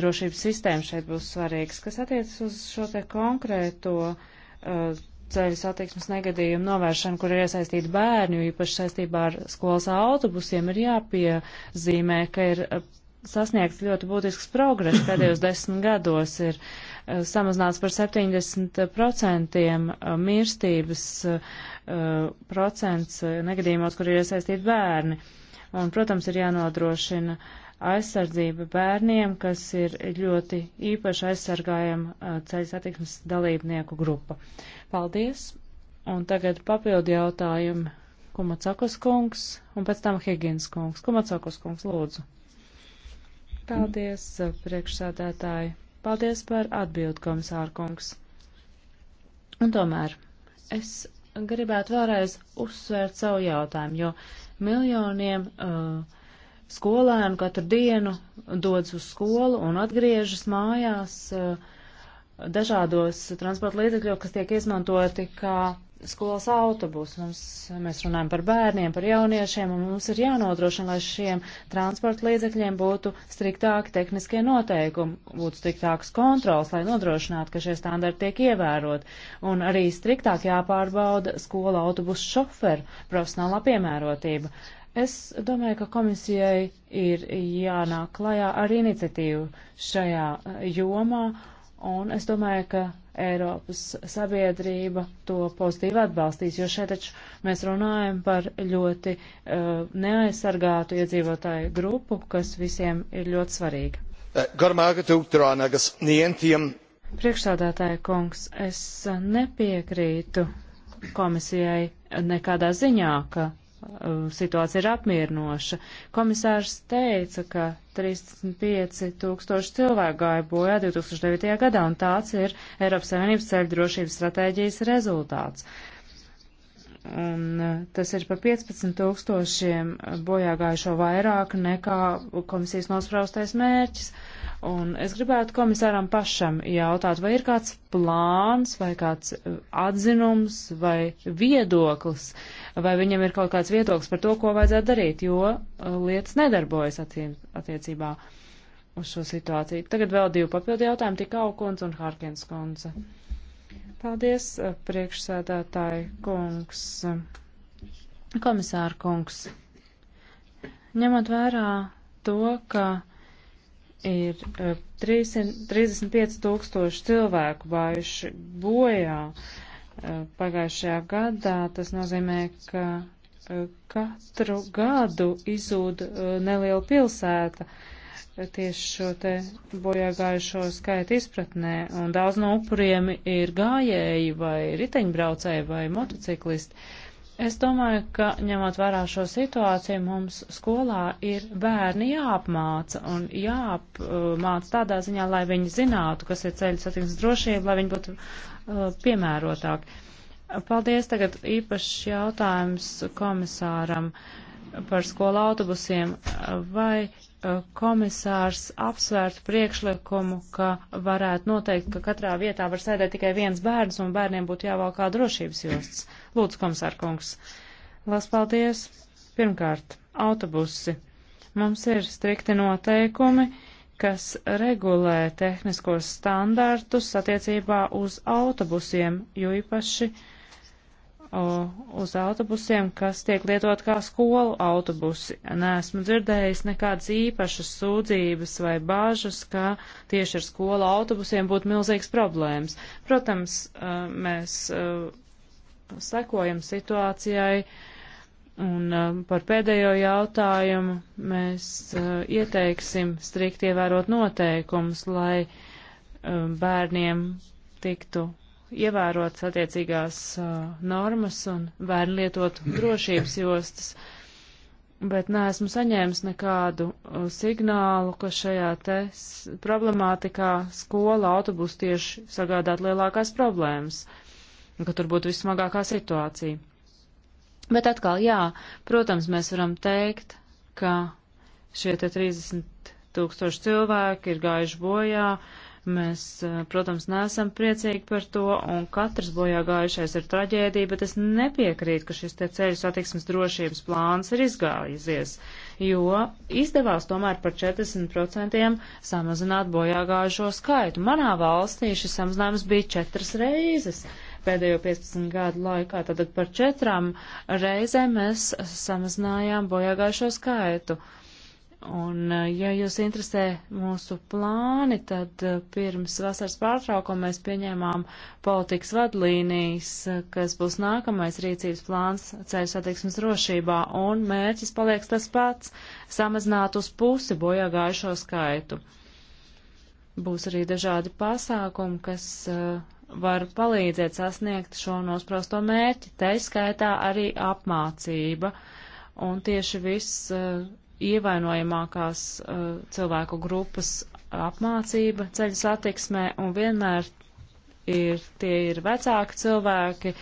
drošības sistēma šeit būs svarīgs. Kas attiecas uz šo te konkrēto uh, ceļu satiksmes negadījumu novēršanu, kur ir iesaistīti bērni, īpaši saistībā ar skolas autobusiem, ir jāpiezīmē, ka ir uh, sasniegts ļoti būtisks progress pēdējos [COUGHS] desmit gados. Ir uh, samazināts par 70% uh, mirstības uh, procents uh, negadījumos, kur ir iesaistīti bērni. Uh, Un, protams, ir jānodrošina aizsardzība bērniem, kas ir ļoti īpaši aizsargājama uh, ceļu satiksmes dalībnieku grupa. Paldies! Un tagad papildu jautājumu Kumacakos kungs un pēc tam Higgins kungs. Kumacakos kungs, lūdzu. Paldies, uh, priekšsādātāji. Paldies par atbildi, komisārkungs. Un tomēr es gribētu vēlreiz uzsvērt savu jautājumu, jo Miljoniem uh, skolēnu katru dienu dodas uz skolu un atgriežas mājās uh, dažādos transporta līdzekļos, kas tiek izmantoti kā skolās autobusu. Mums, mēs runājam par bērniem, par jauniešiem, un mums ir jānodrošina, lai šiem transporta līdzekļiem būtu striktāki tehniskie noteikumi, būtu striktākas kontrols, lai nodrošinātu, ka šie standarti tiek ievērot. Un arī striktāk jāpārbauda skola autobusu šoferu profesionālā piemērotība. Es domāju, ka komisijai ir jānāk klajā ar iniciatīvu šajā eh, jomā, un es domāju, ka Eiropas sabiedrība to pozitīvi atbalstīs, jo šeit taču mēs runājam par ļoti uh, neaizsargātu iedzīvotāju grupu, kas visiem ir ļoti svarīga. Priekšstādātāja kungs, es nepiekrītu komisijai nekādā ziņā, ka Um, situācija ir apmierinoša. Komisārs teica, ka 35 tūkstoši cilvēku gāja bojā 2009. gadā, un tāds ir Eiropas Savienības ceļu drošības stratēģijas rezultāts. Un uh, tas ir par 15 tūkstošiem bojā gājušo vairāk nekā komisijas nospraustais mērķis. Uh, Un es gribētu komisāram pašam jautāt, vai ir kāds plāns, vai kāds eh, atzinums, vai viedoklis, vai viņam ir kaut kāds viedoklis par to, ko vajadzētu darīt, jo eh, lietas nedarbojas attiecībā uz šo situāciju. Tagad vēl divi papildu jautājumi, tik Aukons un Harkins konce. Paldies, eh, priekšsēdētāji kungs, komisāra kungs. Ņemot vērā to, ka ir 35 tūkstoši cilvēku bājuši bojā pagājušajā gadā. Tas nozīmē, ka katru gadu izzūd neliela pilsēta tieši šo te bojāgājušo skaitu izpratnē, un daudz no upuriem ir gājēji vai riteņbraucēji vai motociklisti. Uh, Es domāju, ka ņemot vērā šo situāciju, mums skolā ir bērni jāapmāca un jāapmāca tādā ziņā, lai viņi zinātu, kas ir ceļu satiksmes drošība, lai viņi būtu uh, piemērotāki. Paldies tagad īpašs jautājums komisāram par skolu autobusiem. Vai uh, komisārs apsvērtu priekšlikumu, ka varētu noteikt, ka katrā vietā var sēdēt tikai viens bērns un bērniem būtu jāvalkā drošības josts? Lūdzu, komisārkungs. Lielas paldies. Pirmkārt, autobusi. Mums ir strikti noteikumi, kas regulē tehniskos standartus attiecībā uz autobusiem, jo īpaši o, uz autobusiem, kas tiek lietot kā skolu autobusi. Nesmu dzirdējis nekādas īpašas sūdzības vai bāžas, ka tieši ar skolu autobusiem būtu milzīgs problēmas. Protams, eh, mēs eh, sekojam situācijai. Un uh, par pēdējo jautājumu mēs uh, ieteiksim strikt ievērot noteikumus, lai um, bērniem tiktu ievērots attiecīgās uh, normas un bērni lietot drošības jostas. Bet neesmu saņēmis nekādu signālu, ka šajā te problemātikā skola autobus tieši sagādāt lielākās problēmas. Uh, un ka tur būtu vismagākā situācija. Bet atkal, jā, protams, mēs varam teikt, ka šie te 30 tūkstoši cilvēki ir gājuši bojā, mēs, eh, protams, neesam priecīgi par to, un katrs bojā gājušais ir traģēdija, bet es nepiekrītu, ka šis te ceļu satiksmes drošības plāns ir izgājusies, jo izdevās tomēr par 40% samazināt bojā gājušo skaitu. Manā valstī šis samazinājums bija četras reizes. Uh, pēdējo 15 gadu laikā. Tātad par četrām reizēm mēs samazinājām bojāgājušo skaitu. Un, ja jūs interesē mūsu plāni, tad eh, pirms vasaras pārtraukuma mēs pieņēmām politikas vadlīnijas, kas būs nākamais rīcības plāns ceļu satiksmes drošībā, un mērķis paliek tas pats - samazināt uz pusi bojā gājušo skaitu. Būs arī dažādi pasākumi, kas uh, var palīdzēt sasniegt šo nosprosto mērķi, tai skaitā arī apmācība. Un tieši viss uh, ievainojamākās uh, cilvēku grupas apmācība ceļu satiksmē un vienmēr ir, tie ir vecāki cilvēki,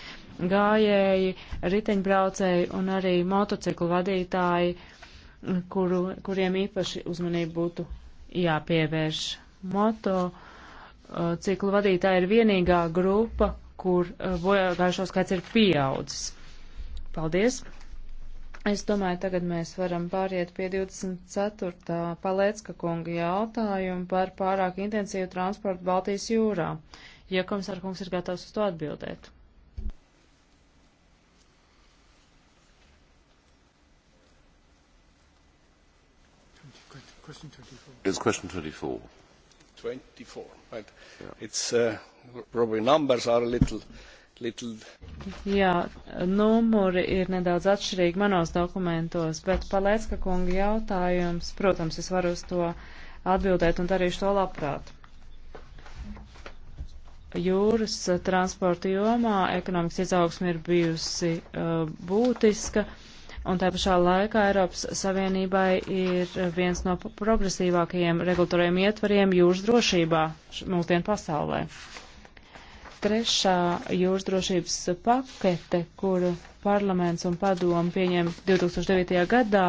gājēji, riteņbraucēji un arī motociklu vadītāji, kuru, kuriem īpaši uzmanību būtu jāpievērš moto. Uh, Uh, ciklu vadītāji ir vienīgā grupa, kur uh, bojāgājušo skaits ir pieaudzis. Paldies! Es domāju, tagad mēs varam pāriet pie 24. palēcka kunga jautājumu par pārāk intensīvu transportu Baltijas jūrā. Ja komisāra kungs ir gatavs uz to atbildēt. It's question 24. 24. Right. It's, uh, probably numbers are a little, little... Jā, numuri ir nedaudz atšķirīgi manos dokumentos, bet Palēcka kunga jautājums, protams, es varu uz to atbildēt un darīšu to labprāt. Jūras transporta jomā ekonomikas izaugsme ir bijusi uh, būtiska. Uh, un tā pašā laikā Eiropas Savienībai ir viens no progresīvākajiem regulatoriem ietvariem jūras drošībā mūsdienu pasaulē. Trešā jūras drošības pakete, kuru parlaments un padomu pieņem 2009. gadā,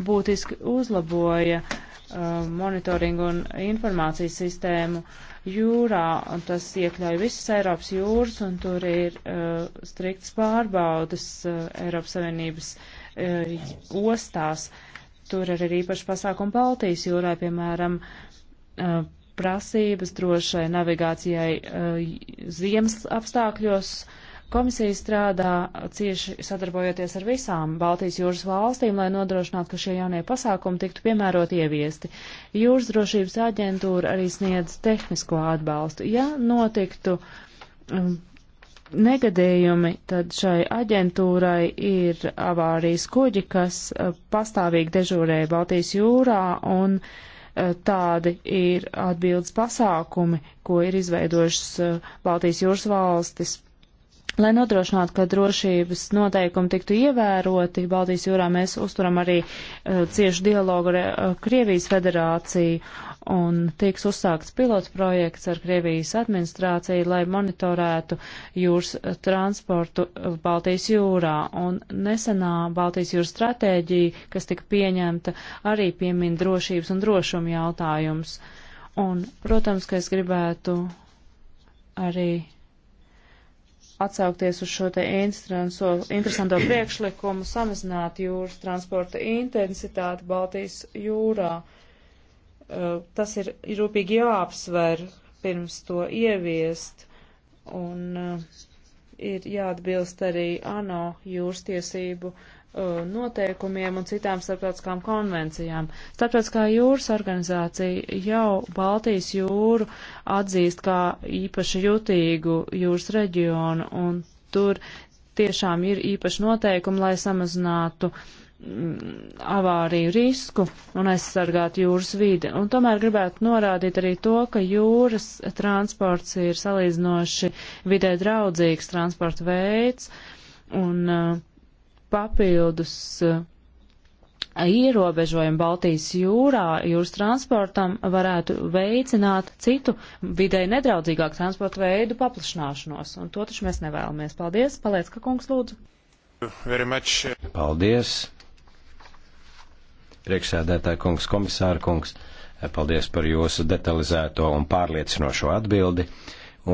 būtiski uzlaboja uh, monitoringu un informācijas sistēmu jūrā, un tas iekļauj visas Eiropas jūras, un tur ir uh, strikts pārbaudas uh, Eiropas Savienības uh, E, ostās. Tur ir arī īpaši pasākumi Baltijas jūrā, piemēram, e, prasības drošai navigācijai e, ziemas apstākļos. Komisija strādā cieši sadarbojoties ar visām Baltijas jūras valstīm, lai nodrošinātu, ka šie jaunie pasākumi tiktu piemērot ieviesti. Jūras drošības aģentūra arī sniedz tehnisko atbalstu. Ja notiktu um, negadījumi, tad šai aģentūrai ir avārijas kuģi, kas eh, pastāvīgi dežūrēja Baltijas jūrā, un eh, tādi ir atbildes pasākumi, ko ir izveidojušas eh, Baltijas jūras valstis. Lai nodrošinātu, ka drošības noteikumi tiktu ievēroti, Baltijas jūrā mēs uzturam arī uh, ciešu dialogu ar uh, Krievijas federāciju un tiks uzsākts pilots projekts ar Krievijas administrāciju, lai monitorētu jūras transportu Baltijas jūrā. Un nesenā Baltijas jūras stratēģija, kas tika pieņemta, arī piemin drošības un drošuma jautājums. Un, protams, ka es gribētu arī atsaukties uz šo te interesanto priekšlikumu samazināt jūras transporta intensitāti Baltijas jūrā. Eh, tas ir rūpīgi jāapsver pirms to ieviest un eh, ir jāatbilst arī ANO jūras tiesību eh, noteikumiem un citām starptautiskām konvencijām. Starptautiskā jūras organizācija jau Baltijas jūru atzīst kā īpaši jutīgu jūras reģionu, un tur tiešām ir īpaši noteikumi, lai samazinātu uh, avāriju risku un aizsargāt jūras vidi. Un tomēr gribētu norādīt arī to, ka jūras transports ir salīdzinoši vidē draudzīgs transporta veids un uh, papildus uh, ierobežojumi Baltijas jūrā jūras transportam varētu veicināt citu vidē nedraudzīgāku transporta veidu paplašināšanos. Un to taču mēs nevēlamies. Paldies. Paliec, ka kungs lūdzu. Paldies. Priekšsēdētāja kungs, komisāra kungs, paldies par jūsu detalizēto un pārliecinošo atbildi,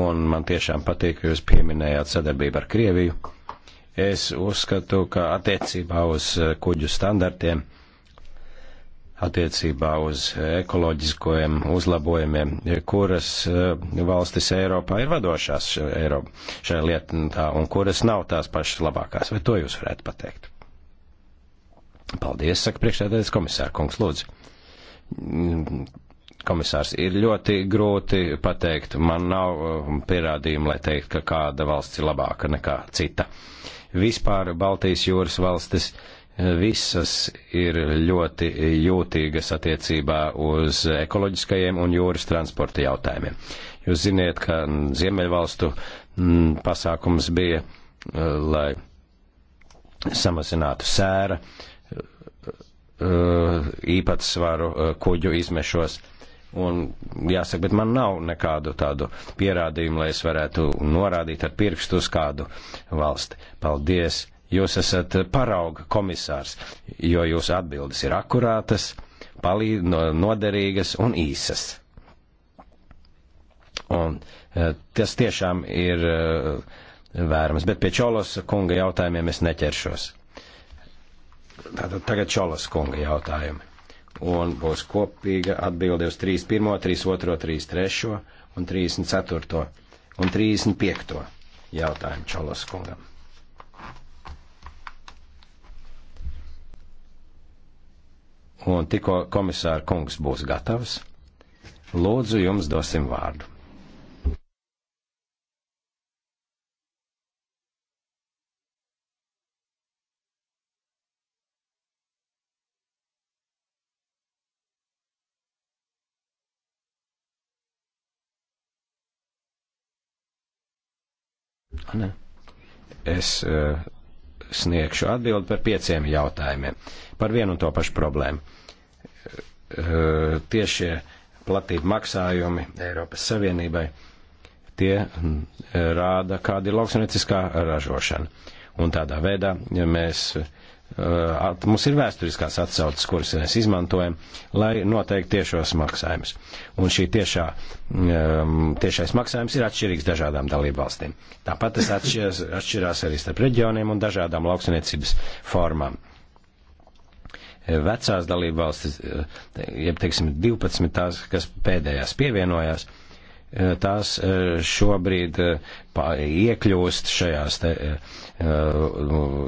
un man tiešām patīk, ka jūs pieminējāt sadarbību ar Krieviju. Es uzskatu, ka attiecībā uz eh, kuģu standartiem, attiecībā uz ekoloģiskajiem uzlabojumiem, kuras eh, valstis Eiropā ir vadošās Eiropa šajā lietā un kuras nav tās pašas labākās, vai to jūs varētu pateikt? Paldies, saka priekšsēdētājs komisāra kungs, lūdzu. Komisārs, ir ļoti grūti pateikt, man nav um, pierādījumu, lai teikt, ka kāda valsts ir labāka nekā cita. Vispār Baltijas jūras valstis eh, visas ir ļoti jūtīgas attiecībā uz ekoloģiskajiem un jūras transporta jautājumiem. Jūs ziniet, ka mm, Ziemeļvalstu mm, pasākums bija, eh, lai samazinātu sēra Uh, īpatsvaru uh, kuģu izmešos. Un jāsaka, bet man nav nekādu tādu pierādījumu, lai es varētu norādīt ar pirkstu uz kādu valsti. Paldies! Jūs esat parauga komisārs, jo jūsu atbildes ir akurātas, palīd, noderīgas un īsas. Un uh, tas tiešām ir vērams, bet pie Čolos kunga jautājumiem es neķeršos. Tātad tagad Čolas kunga jautājumi. Un būs kopīga atbilde uz 31., 32., 33. un 34. un 35. jautājumu Čolas kungam. Un tikko komisāra kungs būs gatavs, lūdzu jums dosim vārdu. Ne. Es uh, sniegšu atbildi par pieciem jautājumiem. Par vienu un to pašu problēmu. Uh, tiešie platība maksājumi Eiropas Savienībai, tie e, rāda, kāda ir lauksanieciskā ražošana. Un tādā veidā, ja mēs Eh, mums ir vēsturiskās atsauces, kuras mēs izmantojam, lai noteikti tiešos maksājumus. Un šī tiešā, tiešais maksājums ir atšķirīgs dažādām dalībvalstīm. Tāpat tas atšķiras, atšķirās arī starp reģioniem un dažādām lauksaniecības formām. Eh, vecās dalībvalstis, eh, jeb teiksim 12 tās, kas pēdējās pievienojās, uh, Eh, tās eh, šobrīd eh, iekļūst šajās te,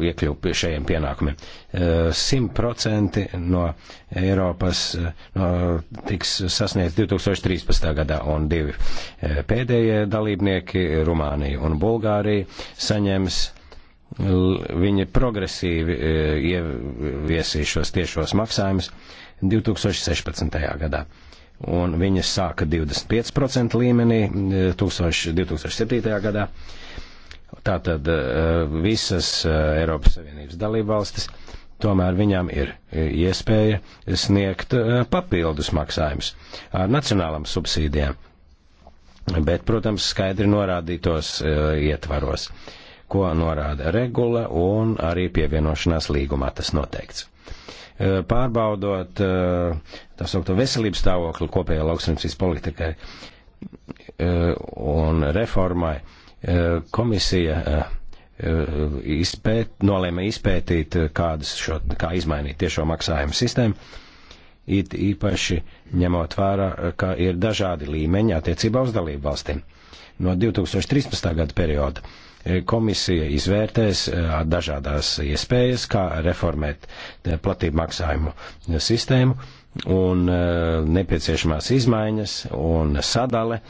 iekļūp šajiem pienākumiem. Simt procenti no Eiropas no, tiks sasniegts 2013. gadā, un divi pēdējie dalībnieki, Rumānija un Bulgārija, saņems viņi progresīvi ieviesīs šos tiešos maksājumus 2016. gadā un viņas sāka 25% līmenī 2007. E, gadā. Tātad e, visas e, Eiropas Savienības dalībvalstis, tomēr viņām ir iespēja sniegt papildus maksājumus ar nacionālām subsīdijām, bet, protams, skaidri norādītos ietvaros, ko norāda regula un arī pievienošanās līgumā tas noteikts. Eh, pārbaudot eh, tā saukto veselības stāvokli kopējā lauksaimniecības politikai eh, un reformai. Komisija izpēt, nolēma izpētīt, kādas šo, kā izmainīt tiešo maksājumu sistēmu, it īpaši ņemot vērā, ka ir dažādi līmeņi attiecībā uz dalību valstīm. No 2013. gada perioda Eh, komisija izvērtēs eh, dažādās iespējas, kā reformēt eh, platību maksājumu sistēmu un nepieciešamās izmaiņas un sadale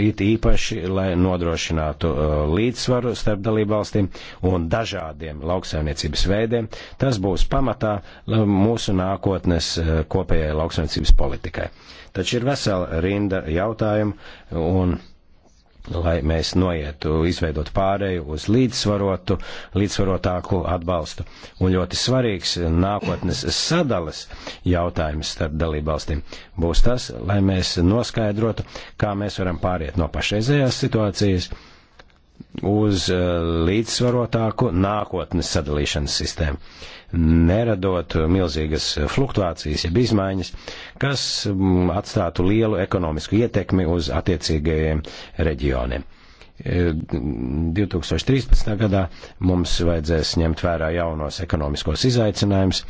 it īpaši, lai nodrošinātu līdzsvaru starp dalībvalstīm un dažādiem lauksaimniecības veidiem. Tas būs pamatā mūsu nākotnes kopējai lauksaimniecības politikai. Taču ir vesela rinda jautājumu un lai mēs noietu, izveidot pārēju uz līdzsvarotu, līdzsvarotāku atbalstu. Un ļoti svarīgs nākotnes sadales jautājums starp dalībvalstīm būs tas, lai mēs noskaidrotu, kā mēs varam pāriet no pašreizējās situācijas uz eh, līdzsvarotāku nākotnes sadalīšanas sistēmu neradot milzīgas fluktuācijas, jeb izmaiņas, kas mm, atstātu lielu ekonomisku ietekmi uz attiecīgajiem reģioniem. 2013. E, gadā mums vajadzēs ņemt vērā jaunos ekonomiskos izaicinājumus,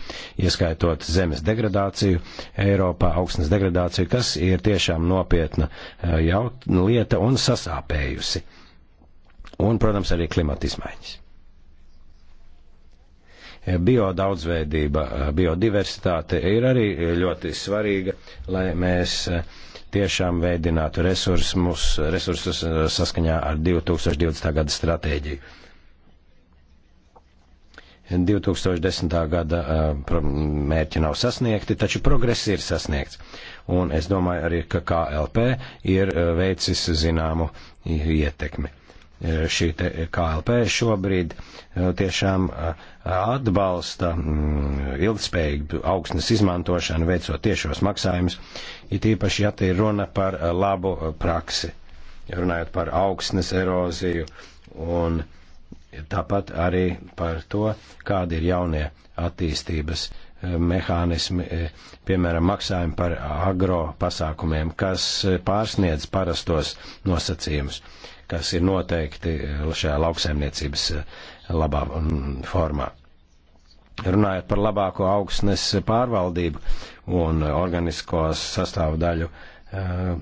ieskaitot zemes degradāciju Eiropā, augstnes degradāciju, kas ir tiešām nopietna e, jaut, lieta un sasāpējusi. Un, protams, arī klimata izmaiņas. Biodaudzveidība, biodiversitāte ir arī ļoti svarīga, lai mēs eh, tiešām veidinātu resursus, resursus eh, saskaņā ar 2020. gada stratēģiju. 2010. gada eh, mērķi nav sasniegti, taču progress ir sasniegts. Un es domāju arī, ka KLP ir veicis zināmu ietekmi šī KLP šobrīd eh, tiešām eh, atbalsta mm, ilgspējīgu augstnes izmantošanu, veicot tiešos maksājumus, it īpaši, ja te ir runa par eh, labu praksi, runājot par augstnes eroziju un tāpat arī par to, kādi ir jaunie attīstības mehānismi, piemēram, maksājumi par agro pasākumiem, kas pārsniedz parastos nosacījumus kas ir noteikti šajā lauksaimniecības eh, labā mm, formā. Runājot par labāko augsnes pārvaldību un organisko sastāvdaļu eh,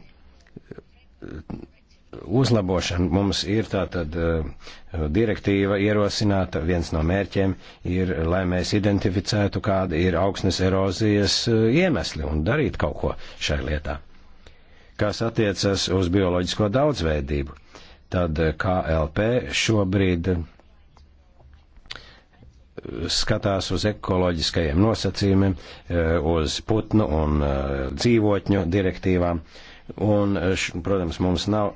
uzlabošana mums ir tātad eh, direktīva ierosināta, viens no mērķiem ir, lai mēs identificētu, kāda ir augsnes erozijas iemesli un darīt kaut ko šai lietā. Kas attiecas uz bioloģisko daudzveidību, tad KLP šobrīd eh, skatās uz ekoloģiskajiem nosacījumiem, eh, uz putnu un eh, dzīvotņu direktīvām. Un, protams, mums nav,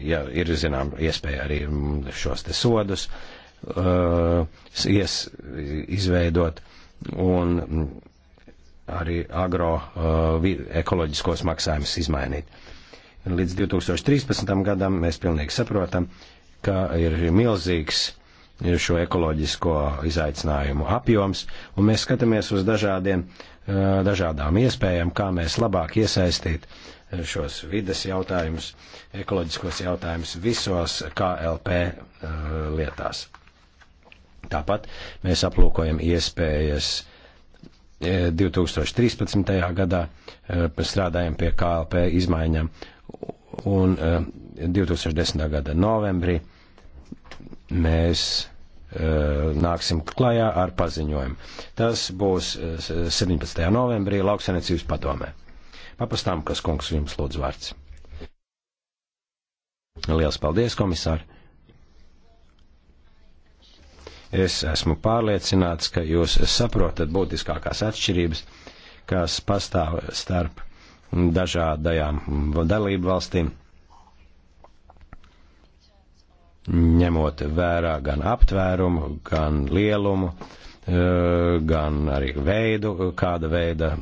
ja ir, zinām, iespēja arī mm, šos te sodus ies, izveidot un mm, arī agro ekoloģiskos maksājumus izmainīt līdz 2013. gadam mēs pilnīgi saprotam, ka ir milzīgs šo ekoloģisko izaicinājumu apjoms, un mēs skatāmies uz dažādiem, eh, dažādām iespējām, kā mēs labāk iesaistīt eh, šos vides jautājumus, ekoloģiskos jautājumus visos KLP eh, lietās. Tāpat mēs aplūkojam iespējas 2013. gadā strādājam pie KLP izmaiņām Un 2010. Eh, gada novembrī mēs eh, nāksim klajā ar paziņojumu. Tas būs 17. Eh, novembrī lauksainiecības padomē. Papastām, kas kungs jums lūdz vārds. Liels paldies, komisāri! Es esmu pārliecināts, ka jūs saprotat būtiskākās atšķirības, kas pastāv starp dažādajām dalību valstīm, ņemot vērā gan aptvērumu, gan lielumu, eh, gan arī veidu, kāda veida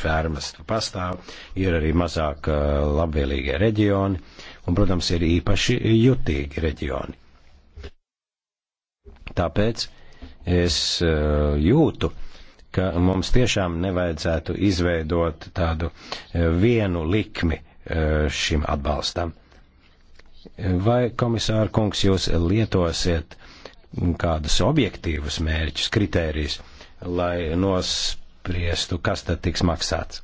fermas pastāv. Ir arī mazāk eh, labvēlīgie reģioni, un, protams, ir īpaši jutīgi reģioni. Tāpēc es eh, jūtu, ka mums tiešām nevajadzētu izveidot tādu e, vienu likmi e, šim atbalstam. Vai, komisāra kungs, jūs lietosiet kādus objektīvus mērķus, kritērijus, lai nospriestu, kas tad tiks maksāts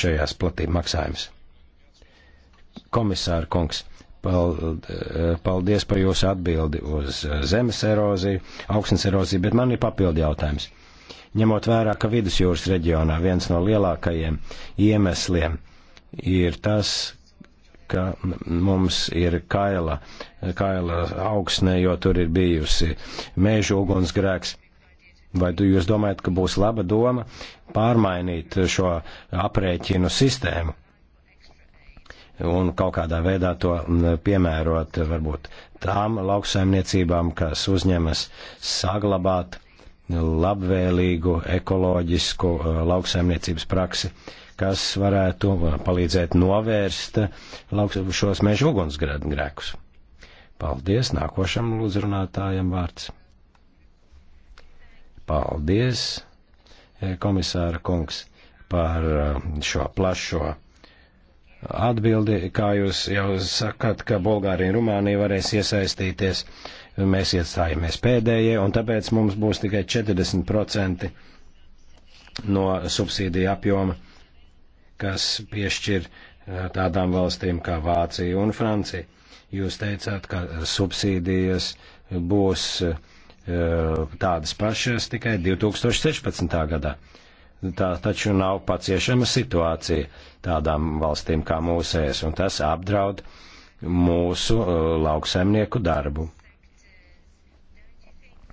šajās platība maksājums? Komisāra kungs, e, paldies par jūsu atbildi uz zemes eroziju, augstnes eroziju, bet man ir papildi jautājums ņemot vērā, ka vidusjūras reģionā viens no lielākajiem iemesliem ir tas, ka mums ir kaila, kaila augsne, jo tur ir bijusi mēžu ugunsgrēks. Vai jūs domājat, ka būs laba doma pārmainīt šo aprēķinu sistēmu? un kaut kādā veidā to piemērot varbūt tām lauksaimniecībām, kas uzņemas saglabāt labvēlīgu ekoloģisku uh, lauksaimniecības praksi, kas varētu uh, palīdzēt novērst uh, šos mežu ugunsgrēkus. Paldies, nākošam lūdzu runātājam vārds. Paldies, eh, komisāra kungs, par šo plašo atbildi, kā jūs jau sakat, ka Bulgārija un Rumānija varēs iesaistīties uh, mēs iestājāmies pēdējie, un tāpēc mums būs tikai 40% no subsīdija apjoma, kas piešķir tādām valstīm kā Vācija un Francija. Jūs teicāt, ka subsīdijas būs tādas pašas tikai 2016. gadā. Tā taču nav paciešama situācija tādām valstīm kā mūsēs, un tas apdraud mūsu lauksaimnieku darbu.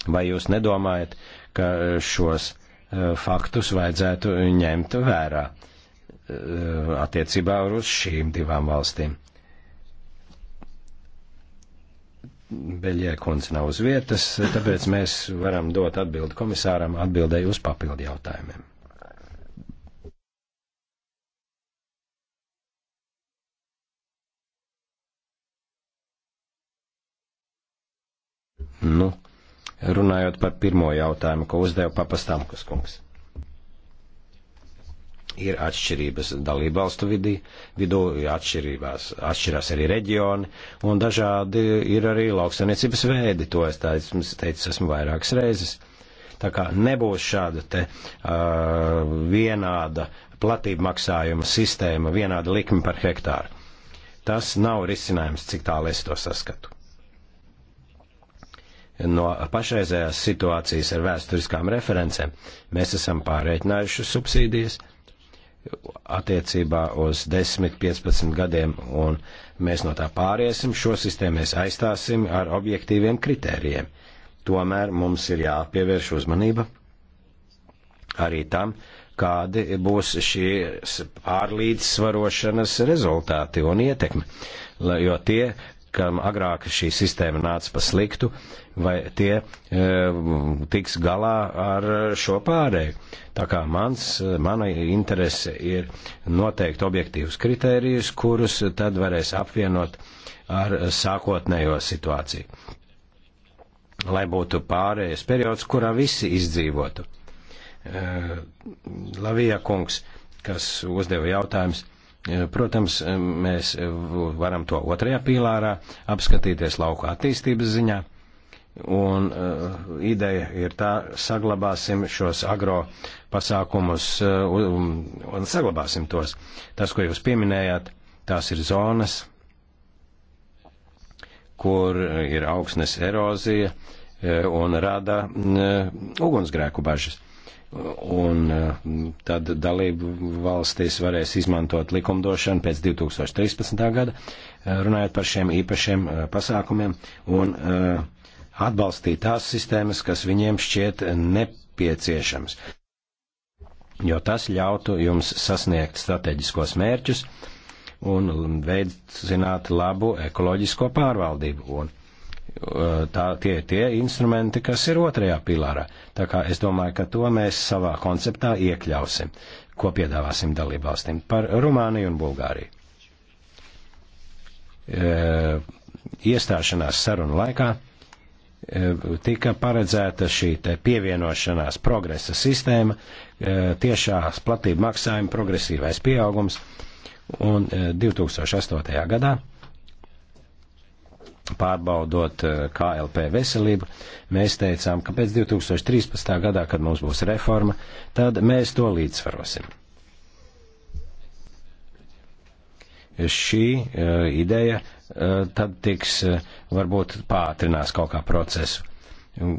Vai jūs nedomājat, ka eh, šos eh, faktus vajadzētu ņemt vērā eh, attiecībā uz šīm divām valstīm? Beļie kundze nav uz vietas, tāpēc mēs varam dot atbildi komisāram atbildēju uz papildu jautājumiem. Nu, runājot par pirmo jautājumu, ko uzdeva papastāmkas kungs. Ir atšķirības dalībvalstu vidī, vidū atšķirībās, atšķirās arī reģioni, un dažādi ir arī lauksaniecības veidi, to es tā esmu teicis, esmu vairākas reizes. Tā kā nebūs šāda te uh, vienāda platība maksājuma sistēma, vienāda likme par hektāru. Tas nav risinājums, cik tālu es to saskatu no pašreizējās situācijas ar vēsturiskām referencēm. Mēs esam pārreikinājuši subsīdijas attiecībā uz 10, 15 gadiem, un mēs no tā pāriesim, šo sistēmu mēs aizstāsim ar objektīviem kritērijiem. Tomēr mums ir jāpievērš uzmanība arī tam, kādi būs šīs pārlīdzsvarošanas rezultāti un ietekme, jo tie kam agrāk šī sistēma nāca pa sliktu, vai tie e, tiks galā ar šo pārēju. Tā kā mans, mana interese ir noteikt objektīvus kritērijus, kurus tad varēs apvienot ar sākotnējo situāciju. Lai būtu pārējais periods, kurā visi izdzīvotu. E, Lavija kungs, kas uzdeva jautājumus, E, protams, e, mēs varam to otrajā pīlārā apskatīties lauku attīstības ziņā, un uh, ideja ir tā, saglabāsim šos agro pasākumus uh, un saglabāsim tos. Tas, ko jūs pieminējāt, tās ir zonas, kur ir augsnes erozija uh, un rada uh, ugunsgrēku bažas. Uh, un eh, tad dalību valstīs varēs izmantot likumdošanu pēc 2013. gada, eh, runājot par šiem īpašiem eh, pasākumiem, un atbalstīt tās sistēmas, kas viņiem šķiet nepieciešams, jo tas ļautu jums sasniegt strateģiskos mērķus un veicināt labu ekoloģisko pārvaldību. Un Eh, tā, tie ir tie instrumenti, kas ir otrajā pilārā. Tā kā es domāju, ka to mēs savā konceptā iekļausim, ko piedāvāsim dalībvalstīm par Rumāniju un Bulgāriju. E, iestāšanās sarunu laikā eh, tika paredzēta šī pievienošanās progresa sistēma, tiešās platība maksājuma progresīvais pieaugums, un 2008. gadā pārbaudot eh, KLP veselību, mēs teicām, ka pēc 2013. gadā, kad mums būs reforma, tad mēs to līdzsvarosim. Šī uh, ideja uh, tad tiks, uh, varbūt pātrinās kaut kā procesu.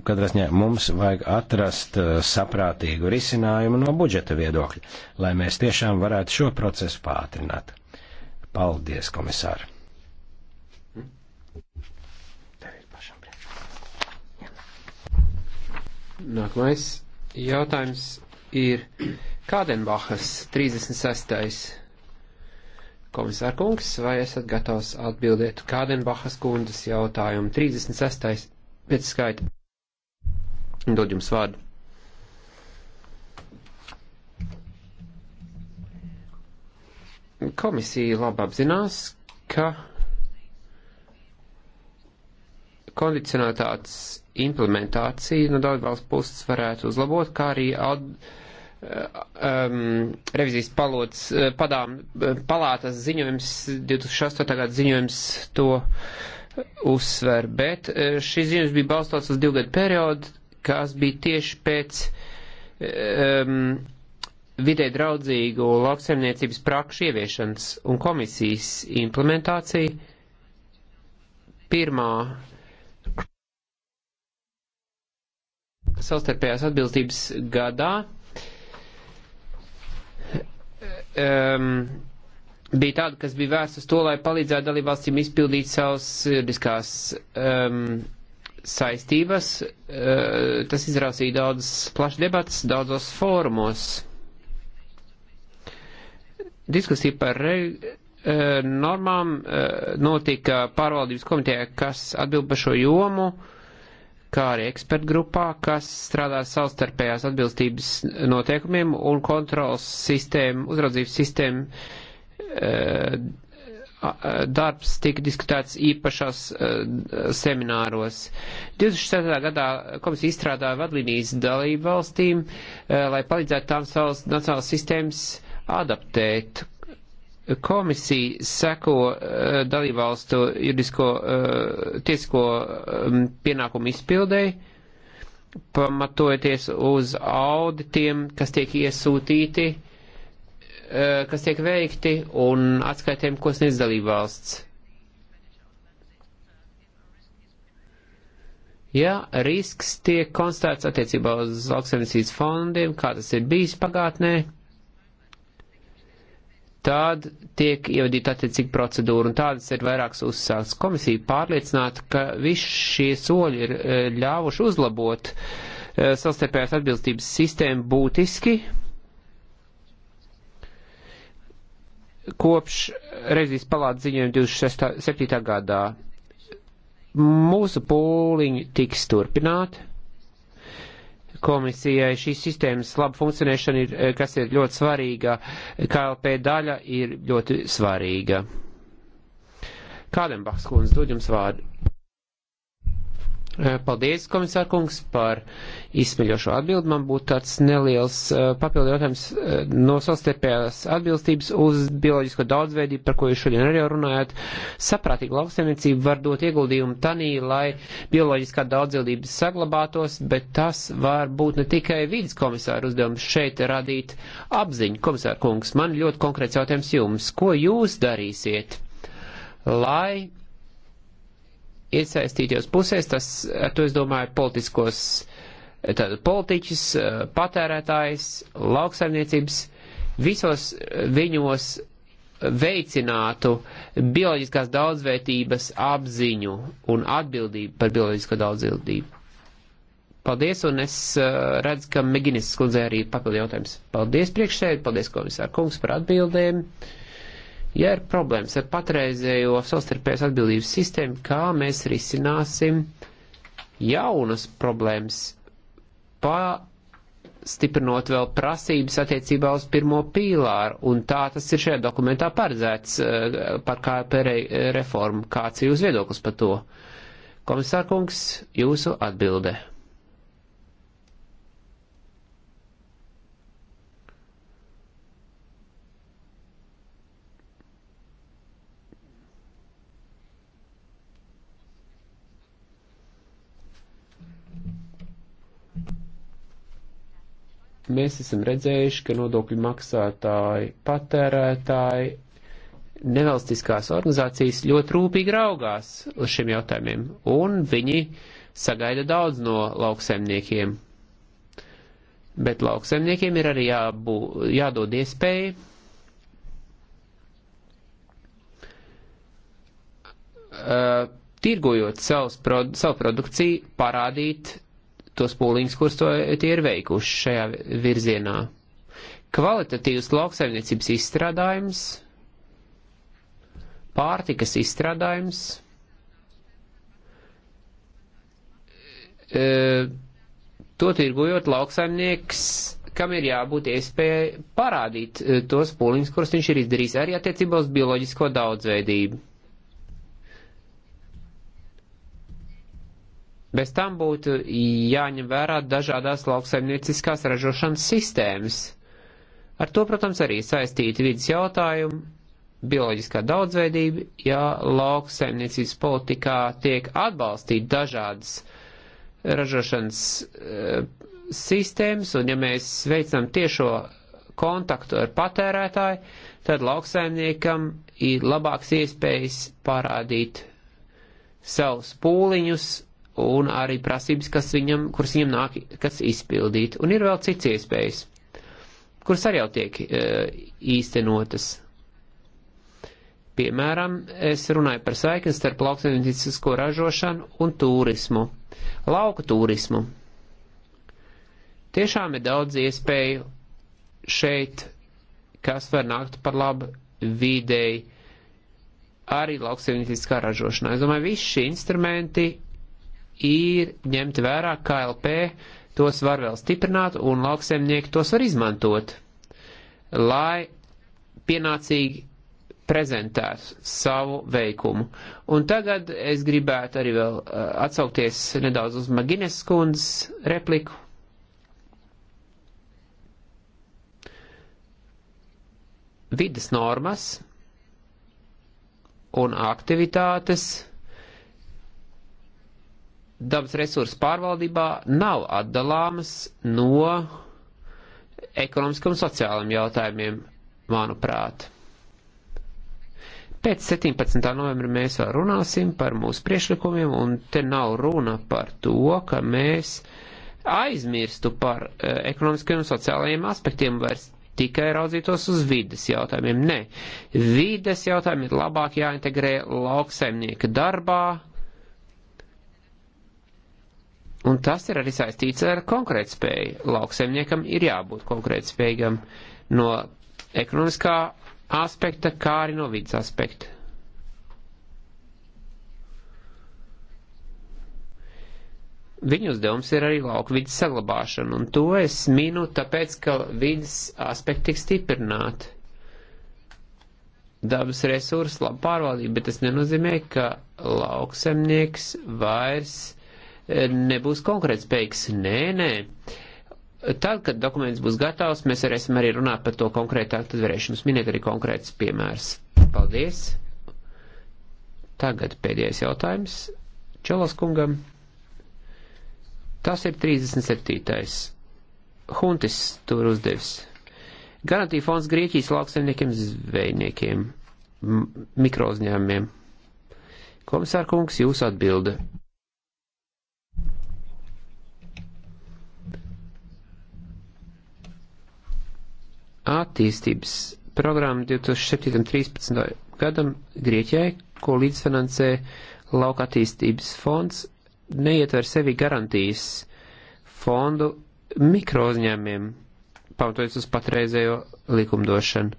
Katrā ziņā mums vajag atrast uh, saprātīgu risinājumu no budžeta viedokļa, lai mēs tiešām varētu šo procesu pātrināt. Paldies, komisāri! Nākamais jautājums ir Kādenbachas 36. komisārkungs, vai esat gatavs atbildēt Kādenbachas kundas jautājumu 36. pēc skaita? Dod jums vārdu. Komisija labi apzinās, ka kondicionētāts implementāciju no daudz valsts puses varētu uzlabot, kā arī ad, eh, um, revizijas palots, eh, padām, eh, palātas ziņojums, 2008. gada ziņojums to uzsver, bet šis ziņojums bija balstots uz divgadu periodu, kas bija tieši pēc um, vidē draudzīgu lauksaimniecības prakšu ieviešanas un komisijas implementācija. Pirmā savstarpējās atbilstības gadā um, bija tāda, kas bija vērsta uz to, lai palīdzētu dalībvalstīm izpildīt savas juridiskās um, saistības. Uh, tas izrausīja daudzas plašas debatas, daudzos fórumos. Diskusija par re, uh, normām uh, notika pārvaldības komitejā, kas atbild par šo jomu. Uh, kā arī ekspertgrupā, kas strādā savstarpējās atbilstības noteikumiem un kontrols sistēmu, uzraudzības sistēmu eh, darbs tika diskutēts īpašās eh, semināros. 2004. gadā komisija izstrādāja vadlīnijas dalību valstīm, eh, lai palīdzētu tām savas nacionālas sistēmas adaptēt. Komisija seko eh, dalībvalstu juridisko eh, tiesisko mm, pienākumu izpildēji, pamatojoties uz auditiem, kas tiek iesūtīti, eh, kas tiek veikti un atskaitiem, ko sniedz dalībvalsts. Ja risks tiek konstatēts attiecībā uz lauksaimniecības fondiem, kā tas ir bijis pagātnē, tad tiek ievadīta attiecīga procedūra, un tādas ir vairākas uzsāktas. Komisija pārliecināta, ka visi šie soļi ir e, ļāvuši uzlabot e, sastarpējās atbilstības sistēmu būtiski kopš revizijas palātas ziņojuma 2007. gadā. Mūsu pūliņi tiks turpināti komisijai šīs sistēmas laba funkcionēšana, ir, eh, kas ir ļoti svarīga, KLP daļa ir ļoti svarīga. Kādēļ, Bahskundze, dod jums vārdu? Paldies, komisār kungs, par izsmeļošo atbildi. Man būtu tāds neliels uh, papildu jautājums uh, no savstarpējās atbilstības uz bioloģisko daudzveidību, par ko jūs šodien arī runājāt. Saprātīga lauksaimniecība var dot ieguldījumu tanī, lai bioloģiskā daudzveidība saglabātos, bet tas var būt ne tikai vīdes komisāra uzdevums šeit radīt apziņu. Komisār kungs, man ļoti konkrēts jautājums jums. Ko jūs darīsiet, lai iesaistīties pusēs, tas, eh, to es domāju, politiskos, eh, tātad politiķus, eh, patērētājs, lauksaimniecības, visos viņos veicinātu bioloģiskās daudzveitības apziņu un atbildību par bioloģisko daudzveidību. Paldies, un es redzu, ka Meginis skundzē arī papildu jautājums. Paldies priekšsēdi, paldies komisāru kungs par atbildēm. Uh, Ja ir problēmas ar patreizējo savstarpējās atbildības sistēmu, kā mēs risināsim jaunas problēmas, pastiprinot vēl prasības attiecībā uz pirmo pīlāru, un tā tas ir šajā dokumentā paredzēts eh, par KLP reformu. Kāds ir jūs viedoklis par to? Komisārkungs, jūsu atbildē. mēs esam redzējuši, ka nodokļu maksātāji, patērētāji, nevalstiskās organizācijas ļoti rūpīgi raugās uz šiem jautājumiem, un viņi sagaida daudz no lauksaimniekiem. Bet lauksaimniekiem ir arī jābū, jādod iespēja uh, tirgojot savus, savu produkciju, parādīt tos pūliņus, kurus to, tie ir veikuši šajā virzienā. Kvalitatīvs lauksaimniecības izstrādājums, pārtikas izstrādājums, e, to tirgojot lauksaimnieks, kam ir jābūt iespēja parādīt e, tos pūliņus, kurus viņš ir izdarījis arī attiecībā uz bioloģisko daudzveidību. Bez tam būtu jāņem vērā dažādās lauksaimnieciskās ražošanas sistēmas. Ar to, protams, arī saistīti vidas jautājumi, bioloģiskā daudzveidība, ja lauksaimniecības politikā tiek atbalstīt dažādas ražošanas e, sistēmas, un ja mēs veicam tiešo kontaktu ar patērētāju, tad lauksaimniekam ir labāks iespējas parādīt savus pūliņus un arī prasības, kas viņam, kuras viņam nāk, kas izpildīt. Un ir vēl cits iespējas, kuras arī jau tiek e, īstenotas. Piemēram, es runāju par saikni starp lauksaimniecisko ražošanu un turismu, lauka turismu. Tiešām ir daudz iespēju šeit, kas var nākt par labu videi, arī lauksaimnieciskā ražošanā. Es domāju, visi šie instrumenti ir ņemti vērā KLP, tos var vēl stiprināt un lauksemnieki tos var izmantot, lai pienācīgi prezentētu savu veikumu. Un tagad es gribētu arī vēl uh, atsaukties nedaudz uz Magines kundzes repliku. Vides normas un aktivitātes dabas resursu pārvaldībā nav atdalāmas no ekonomiskiem un sociāliem jautājumiem, manuprāt. Pēc 17. novembra mēs vēl runāsim par mūsu priešlikumiem, un te nav runa par to, ka mēs aizmirstu par e, ekonomiskiem un sociālajiem aspektiem vairs tikai raudzītos uz vides jautājumiem. Nē, vides jautājumi ir labāk jāintegrē lauksaimnieka darbā, Un tas ir arī saistīts ar konkurētspēju. Lauksemniekam ir jābūt konkurētspējīgam no ekonomiskā aspekta, kā arī no vidas aspekta. Viņu uzdevums ir arī lauka vidas saglabāšana, un to es minu tāpēc, ka vidas aspekti tiek stiprināti. Dabas resursu laba pārvaldība, bet tas nenozīmē, ka lauksemnieks vairs nebūs konkurētspējīgs. Nē, nē. Tad, kad dokuments būs gatavs, mēs varēsim arī runāt par to konkrētāk, tad varēšu jums minēt arī konkrēts piemērs. Paldies! Tagad pēdējais jautājums Čelas kungam. Tas ir 37. Huntis tur uzdevis. Garantija fonds Grieķijas lauksaimniekiem zvejniekiem, mikrouzņēmumiem. Komisār kungs, jūs atbilda. attīstības programmu 2007-2013 gadam Grieķijai, ko līdzfinansē lauka attīstības fonds, neietver sevi garantijas fondu mikrouzņēmiem, pamatojas uz patreizējo likumdošanu.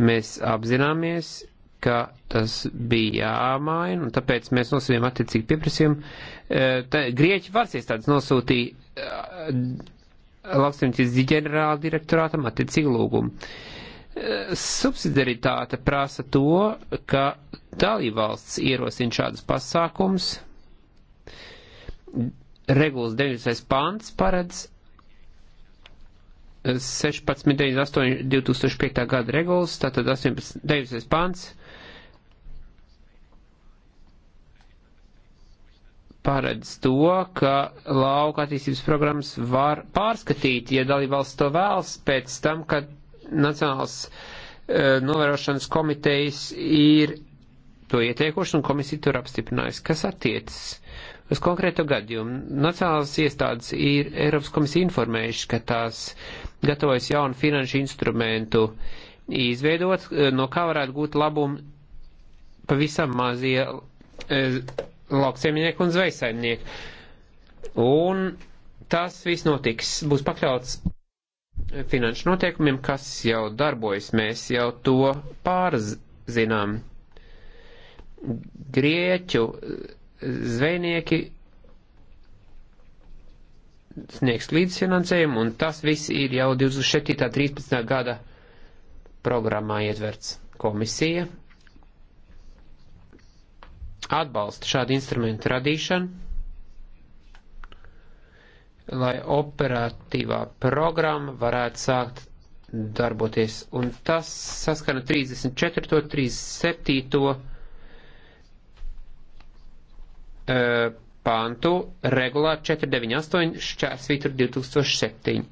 Mēs apzināmies, ka tas bija jāmaina, un tāpēc mēs nosūtījām attiecīgi pieprasījumu. E, Grieķi varas iestādes nosūtīja e, lauksaimniecības ģenerāla direktorātam attiecīgu lūgumu. Eh, subsidiaritāte prasa to, ka dalībvalsts ierosina šādus pasākums. Regulas 90. pants paredz 16.98.2005. Eh, gada regulas, tātad 18.90. pants paredz to, ka lauka attīstības programmas var pārskatīt, ja dalībvalsts to vēlas pēc tam, kad Nacionāls uh, novērošanas komitejas ir to ieteikuši un komisija tur apstiprinājusi, kas attiecas Uz konkrēto gadījumu nacionālās iestādes ir Eiropas komisija informējuši, ka tās gatavojas jaunu finanšu instrumentu izveidot, e, no kā varētu gūt labumu pavisam mazie e, lauksiemnieku un zvejsaimnieku. Un tas viss notiks, būs pakļauts finanšu noteikumiem, kas jau darbojas, mēs jau to pārzinām. Grieķu zvejnieki sniegs līdzfinansējumu, un tas viss ir jau 2007. 13. gada programmā ietverts. Komisija atbalsta šādu instrumentu radīšanu, lai operatīvā programma varētu sākt darboties. Un tas saskana 34. 37. pāntu regulā 498 šķērsvītur 2007.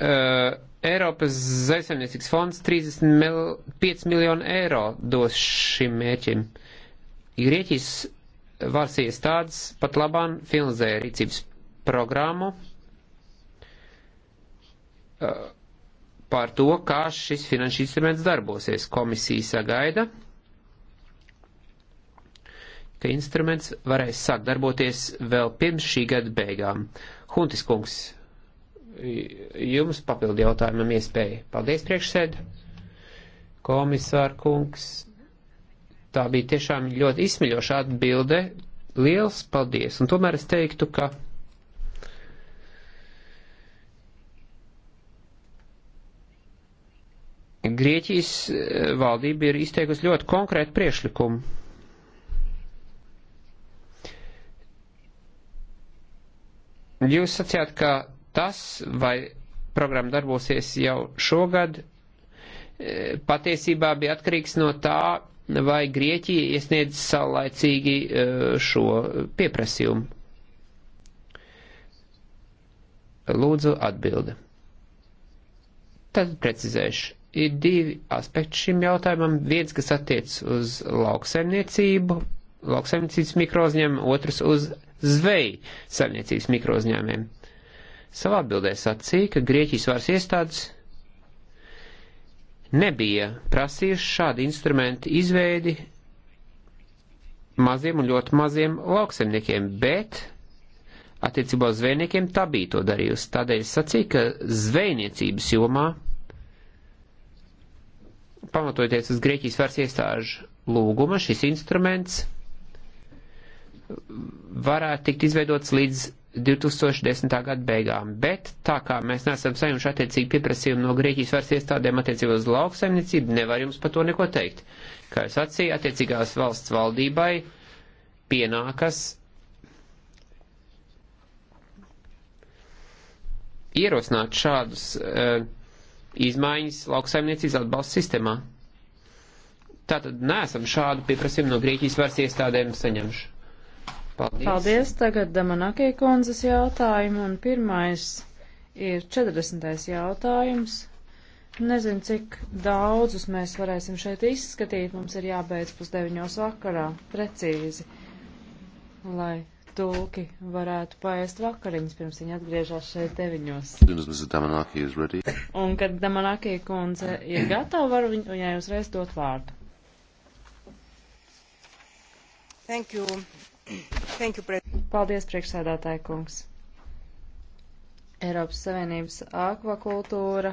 Uh, Eiropas Zaisaimniecības fonds 35 miljonu eiro dos šim mērķim. Grieķijas varas iestādes pat labāk finansē rīcības programmu uh, par to, kā šis finanšu instruments darbosies. Komisija sagaida, ka instruments varēs sākt darboties vēl pirms šī gada beigām. Huntis kungs, jums papildu jautājumam iespēja. Paldies, priekšsēd. Komisār kungs, tā bija tiešām ļoti izsmeļoša atbilde. Liels paldies. Un tomēr es teiktu, ka. Grieķijas eh, valdība ir izteikusi ļoti konkrētu priešlikumu. Jūs sacījāt, ka tas, vai programma darbosies jau šogad, e, patiesībā bija atkarīgs no tā, vai Grieķija iesniedz saulaicīgi e, šo pieprasījumu. Lūdzu atbildi. Tad precizēšu. Ir divi aspekti šim jautājumam. Viens, kas attiec uz lauksaimniecību, lauksaimniecības mikrouzņēmumu, otrs uz zveju saimniecības mikrouzņēmumiem. Savā atbildē sacīja, ka Grieķijas varas iestādes nebija prasījuši šādu instrumentu izveidi maziem un ļoti maziem lauksemniekiem, bet attiecībā uz zvejniekiem tā bija to darījusi. Tādēļ es sacīju, ka zvejniecības jomā, pamatojoties uz Grieķijas varas iestāžu lūguma, šis instruments varētu tikt izveidots līdz 2010. gada beigām, bet tā kā mēs neesam saņemši attiecīgi pieprasījumu no Grieķijas varas iestādēm attiecībā uz lauksaimniecību, nevar jums par to neko teikt. Kā es atsīju, attiecīgās valsts valdībai pienākas ierosināt šādus uh, izmaiņas lauksaimniecības atbalsta sistēmā. Tātad neesam šādu pieprasījumu no Grieķijas varas iestādēm saņemši. Paldies. Paldies. Tagad Damanakī kundzes jautājumu un pirmais ir 40. jautājums. Nezinu, cik daudzus mēs varēsim šeit izskatīt. Mums ir jābeidz pusdeviņos vakarā, precīzi, lai tulki varētu paēst vakariņas, pirms viņi atgriežas šeit deviņos. Un, kad Damanakī kundze ir gatava, varu viņ, viņai uzreiz dot vārdu. Thank you. Paldies, priekšsēdētāji kungs. Eiropas Savienības akvakultūra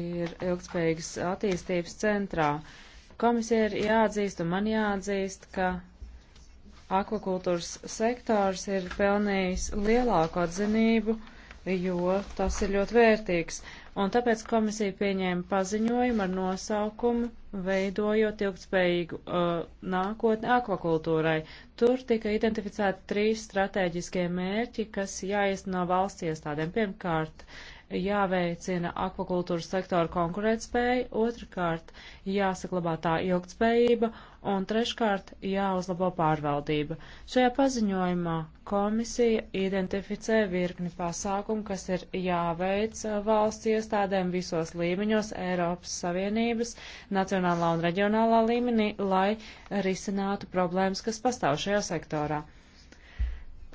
ir ilgspējīgas attīstības centrā. Komisija ir jāatzīst un man jāatzīst, ka akvakultūras sektors ir pelnījis lielāku atzinību, jo tas ir ļoti vērtīgs un tāpēc komisija pieņēma paziņojumu ar nosaukumu Veidojot ilgtspējīgu uh, nākotni akvakultūrai. Tur tika identificēti trīs strateģiskie mērķi, kas jāiesno valsts iestādēm. Pirmkārt, jāveicina akvakultūras sektora konkurētspēja, otrkārt jāsaglabā tā ilgtspējība un treškārt jāuzlabo pārvaldība. Šajā paziņojumā komisija identificē virkni pasākumu, kas ir jāveic uh, valsts iestādēm visos līmeņos Eiropas Savienības, nacionālā un reģionālā līmenī, lai risinātu problēmas, kas pastāv šajā sektorā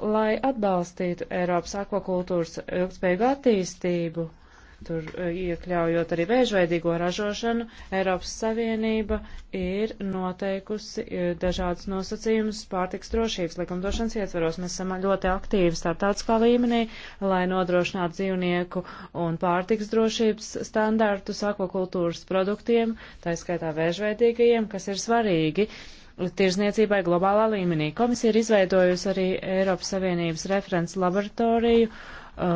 lai atbalstītu Eiropas akvakultūras ilgspējīgu attīstību, tur e, iekļaujot arī vēžveidīgo ražošanu, Eiropas Savienība ir noteikusi e, dažādas nosacījumus pārtiks drošības likumdošanas ietveros. Mēs esam ļoti aktīvi starptautiskā līmenī, lai nodrošinātu dzīvnieku un pārtiks drošības standārtus akvakultūras produktiem, tā skaitā vēžveidīgajiem, kas ir svarīgi. Uh, tirzniecībai globālā līmenī. Komisija ir izveidojusi arī Eiropas Savienības referents laboratoriju uh,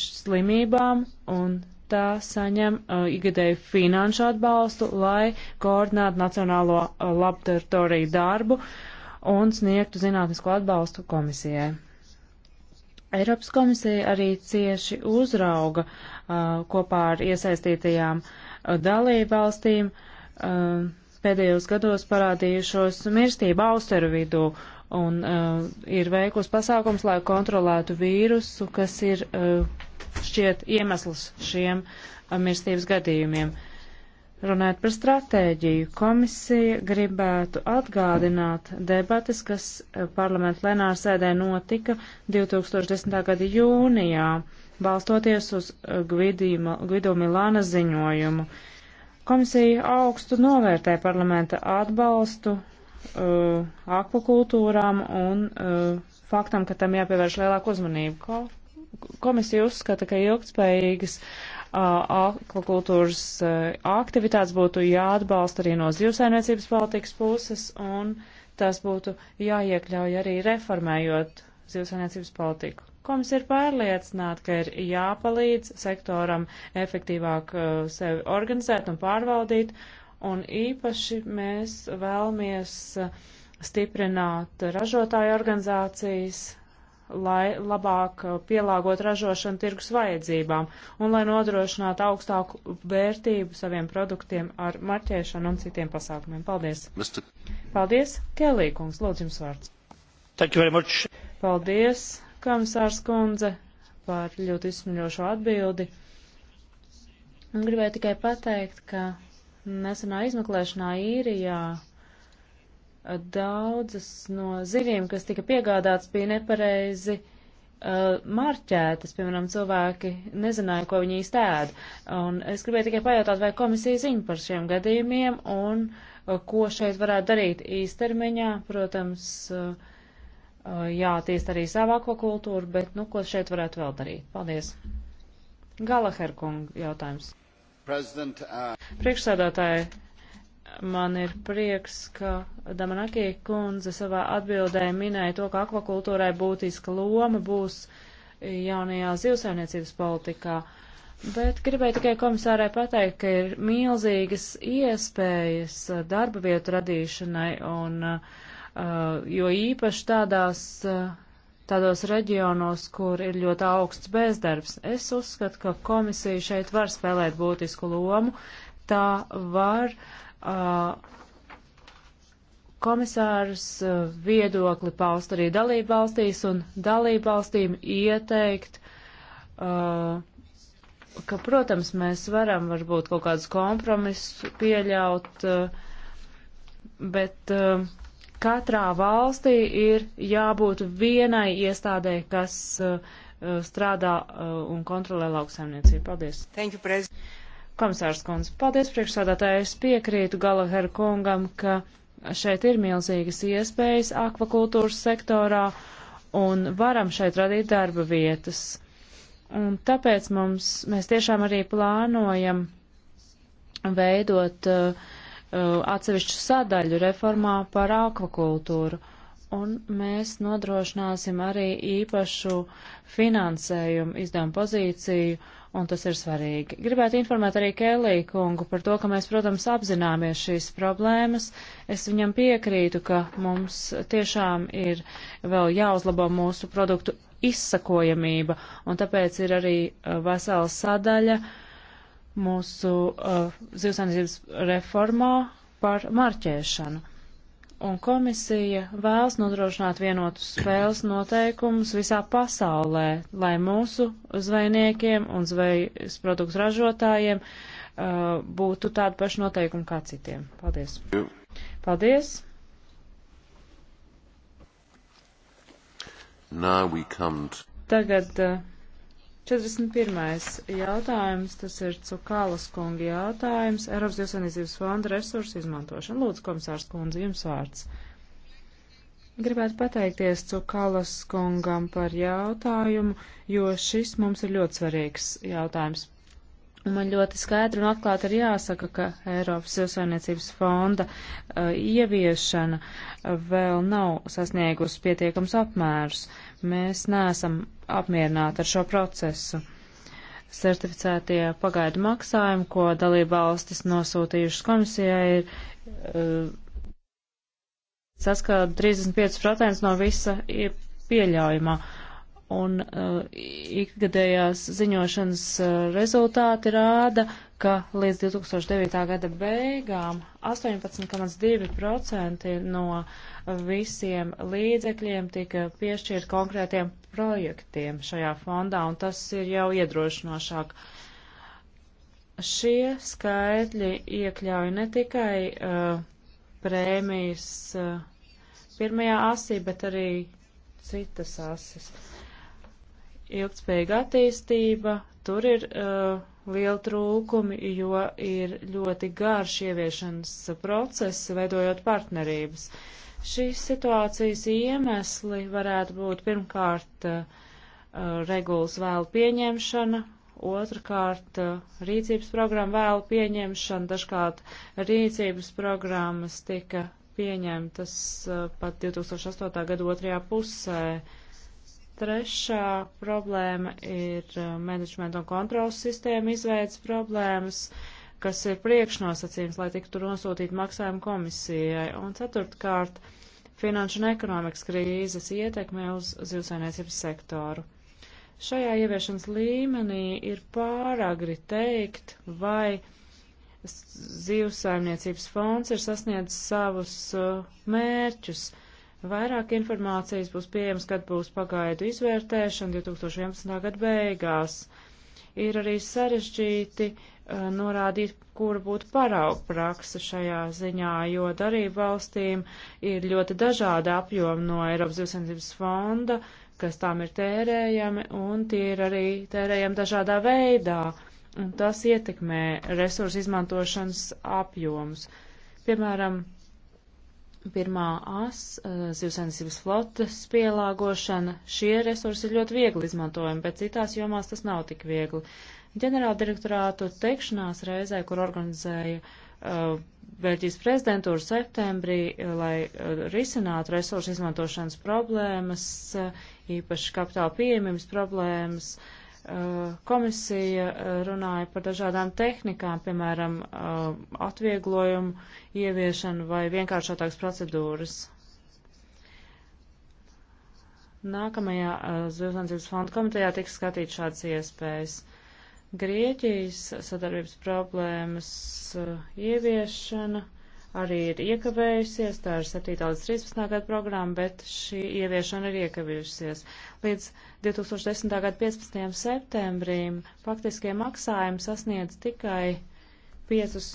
slimībām, un tā saņem uh, ikgadēju finanšu atbalstu, lai koordinātu nacionālo uh, laboratoriju darbu un sniegtu zinātnisko atbalstu komisijai. Eiropas komisija arī cieši uzrauga uh, kopā ar iesaistītajām uh, dalībvalstīm uh, pēdējos gados parādījušos mirstību austeru vidū un uh, ir veikos pasākums, lai kontrolētu vīrusu, kas ir uh, šķiet iemesls šiem uh, mirstības gadījumiem. Runājot par stratēģiju, komisija gribētu atgādināt debates, kas uh, parlamentu plenāra sēdē notika 2010. gada jūnijā, balstoties uz uh, Gvido Milāna ziņojumu. Uh, Komisija augstu novērtē parlamenta atbalstu uh, akvakultūrām un uh, faktam, ka tam jāpievērš lielāku uzmanību. Ko, komisija uzskata, ka ilgtspējīgas uh, akvakultūras uh, aktivitātes būtu jāatbalsta arī no zivsainiecības politikas puses un tas būtu jāiekļauj arī reformējot zivsainiecības politiku. Komisija ir pārliecināta, ka ir jāpalīdz sektoram efektīvāk uh, sevi organizēt un pārvaldīt, un īpaši mēs vēlamies uh, stiprināt ražotāju organizācijas, lai labāk uh, pielāgot ražošanu tirgus vajadzībām un lai nodrošinātu augstāku vērtību saviem produktiem ar marķēšanu un citiem pasākumiem. Paldies! Mr. Paldies! Kelī, kungs, lūdzu jums vārds. Paldies! komisārs kundze, par ļoti izsmeļošo atbildi. Un gribēju tikai pateikt, ka nesenā izmeklēšanā īrijā daudzas no zivīm, kas tika piegādātas, bija nepareizi uh, marķētas, piemēram, cilvēki nezināja, ko viņi īsti ēd. Un es gribēju tikai pajautāt, vai komisija ziņa par šiem gadījumiem un uh, ko šeit varētu darīt īstermiņā, protams, uh, Eh, jātīst arī savu akvakultūru, bet, nu, ko šeit varētu vēl darīt? Paldies. Galaher kunga jautājums. Uh... Priekšsēdētāji, man ir prieks, ka Damanakī kundze savā atbildē minēja to, ka akvakultūrai būtiska loma būs jaunajā zivsaimniecības politikā. Bet gribēju tikai komisārai pateikt, ka ir milzīgas iespējas darba vietu radīšanai un uh, Uh, jo īpaši tādās, uh, tādos reģionos, kur ir ļoti augsts bezdarbs. Es uzskatu, ka komisija šeit var spēlēt būtisku lomu. Tā var uh, komisārs viedokli paust arī dalību valstīs un dalību valstīm ieteikt, ka, protams, mēs varam varbūt kaut kādus kompromisus pieļaut, bet uh, katrā valstī ir jābūt vienai iestādē, kas uh, uh, strādā uh, un kontrolē lauksaimniecību. Paldies! Thank you, President. Komisārs Kunz, paldies priekšsādātāji, es piekrītu Galaher kungam, ka šeit ir milzīgas iespējas akvakultūras sektorā un varam šeit radīt darba vietas. Un tāpēc mums, mēs tiešām arī plānojam veidot uh, Uh, atsevišķu sadaļu reformā par akvakultūru. Un mēs nodrošināsim arī īpašu finansējumu izdevumu pozīciju, un tas ir svarīgi. Gribētu informēt arī Kēlī kungu par to, ka mēs, protams, apzināmies šīs problēmas. Es viņam piekrītu, ka mums tiešām ir vēl jāuzlabo mūsu produktu izsakojamība, un tāpēc ir arī uh, vesela sadaļa uh, mūsu uh, zivsainības reformā par marķēšanu. Un komisija vēlas nodrošināt vienotus spēles noteikumus visā pasaulē, lai mūsu zvejniekiem un zvejas produktu ražotājiem uh, būtu tādi paši noteikumi kā citiem. Paldies! Jū. Paldies! Tagad uh, 41. jautājums, tas ir Cukālas kunga jautājums, Eiropas Jūsanīzības fonda resursu izmantošana. Lūdzu, komisārs kundze, jums vārds. Gribētu pateikties Cukalas kungam par jautājumu, jo šis mums ir ļoti svarīgs jautājums. Un man ļoti skaidri un atklāti ir jāsaka, ka Eiropas Jūsainiecības fonda uh, ieviešana vēl nav sasniegusi pietiekams apmērus. Uh, Mēs neesam apmierināti ar šo procesu. Certificētie pagaidu maksājumi, ko dalība valstis nosūtījušas komisijai, ir uh, saskata 35% no visa pieļaujamā. Uh, un uh, ikgadējās ziņošanas uh, rezultāti rāda, ka līdz 2009. gada beigām 18,2% no visiem līdzekļiem tika piešķirt konkrētiem projektiem šajā fondā, un tas ir jau iedrošinošāk. Šie skaitļi iekļauj ne tikai uh, prēmijas uh, pirmajā asī, bet arī citas asis. Uh, ilgspējīga attīstība, tur ir uh, liela trūkumi, jo ir ļoti garš ieviešanas process, veidojot partnerības. Šīs situācijas iemesli varētu būt pirmkārt uh, regulas vēlu pieņemšana, otrkārt uh, rīcības programma vēlu pieņemšana, dažkārt rīcības programmas tika pieņemtas uh, pat 2008. gada otrajā pusē. Uh, Trešā problēma ir uh, menedžmenta un kontrolas sistēma izveids problēmas, kas ir priekšnosacījums, lai tiktu nosūtīt maksājumu komisijai. Un ceturtkārt, finanšu un ekonomikas krīzes ietekme uz zivsainiecības sektoru. Šajā ieviešanas līmenī ir pāragri teikt, vai zivsaimniecības fonds ir sasniedzis savus uh, mērķus. Uh, Vairāk informācijas būs pieejams, kad būs pagaidu izvērtēšana 2011. gada beigās. Ir arī sarežģīti uh, norādīt, kura būtu parauga praksa šajā ziņā, jo darību valstīm ir ļoti dažāda apjoma no Eiropas Zivsensības fonda, kas tām ir tērējami, un tie ir arī tērējami dažādā veidā, un tas ietekmē resursu izmantošanas apjomus. Piemēram, Pirmā as, eh, zivsainicības flotas pielāgošana, šie resursi ir ļoti viegli izmantojami, bet citās jomās tas nav tik viegli. Ģenerāla direktorātu teikšanās reizē, kur organizēja uh, eh, Bēļģijas prezidentūra septembrī, eh, lai uh, risinātu resursu izmantošanas problēmas, uh, īpaši kapitāla pieejamības problēmas, uh, Eh, komisija eh, runāja par dažādām tehnikām, piemēram, eh, atvieglojumu ieviešanu vai vienkāršotākas procedūras. Nākamajā Zilzniecības fonda komitejā tiks skatīt šādas iespējas. Grieķijas sadarbības problēmas ieviešana. Uh, arī ir iekavējusies, tā ir 7. līdz 13. gada programma, bet šī ieviešana ir iekavējusies. Līdz 2010. gada 15. septembrim faktiskie maksājumi sasniedz tikai 5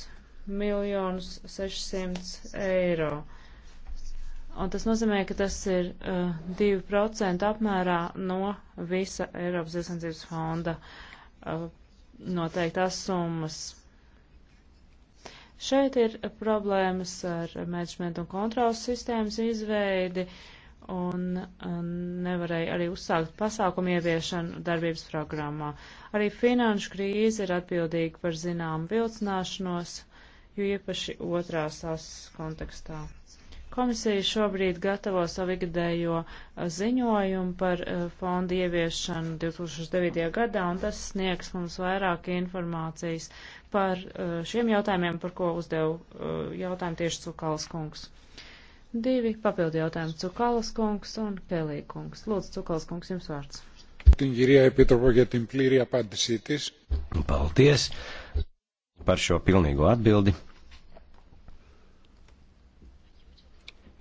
miljonus 600 eiro. Un tas nozīmē, ka tas ir uh, 2% apmērā no visa Eiropas Zilsensības fonda uh, noteiktās summas. Šeit ir problēmas ar menedžmentu un kontrolas sistēmas izveidi un nevarēja arī uzsākt pasākumu ieviešanu darbības programmā. Arī finanšu krīze ir atbildīga par zināmu vilcināšanos, jo īpaši otrās asas kontekstā. Komisija šobrīd gatavo savu ikgadējo uh, ziņojumu par uh, fondu ieviešanu 2009. gadā, un tas sniegs mums vairāk informācijas par uh, šiem jautājumiem, par ko uzdev jautājumu tieši Cukalas kungs. Divi papildu jautājumi Cukalas kungs un Pelī kungs. Lūdzu, Cukalas kungs, jums vārds. Paldies par šo pilnīgo atbildi.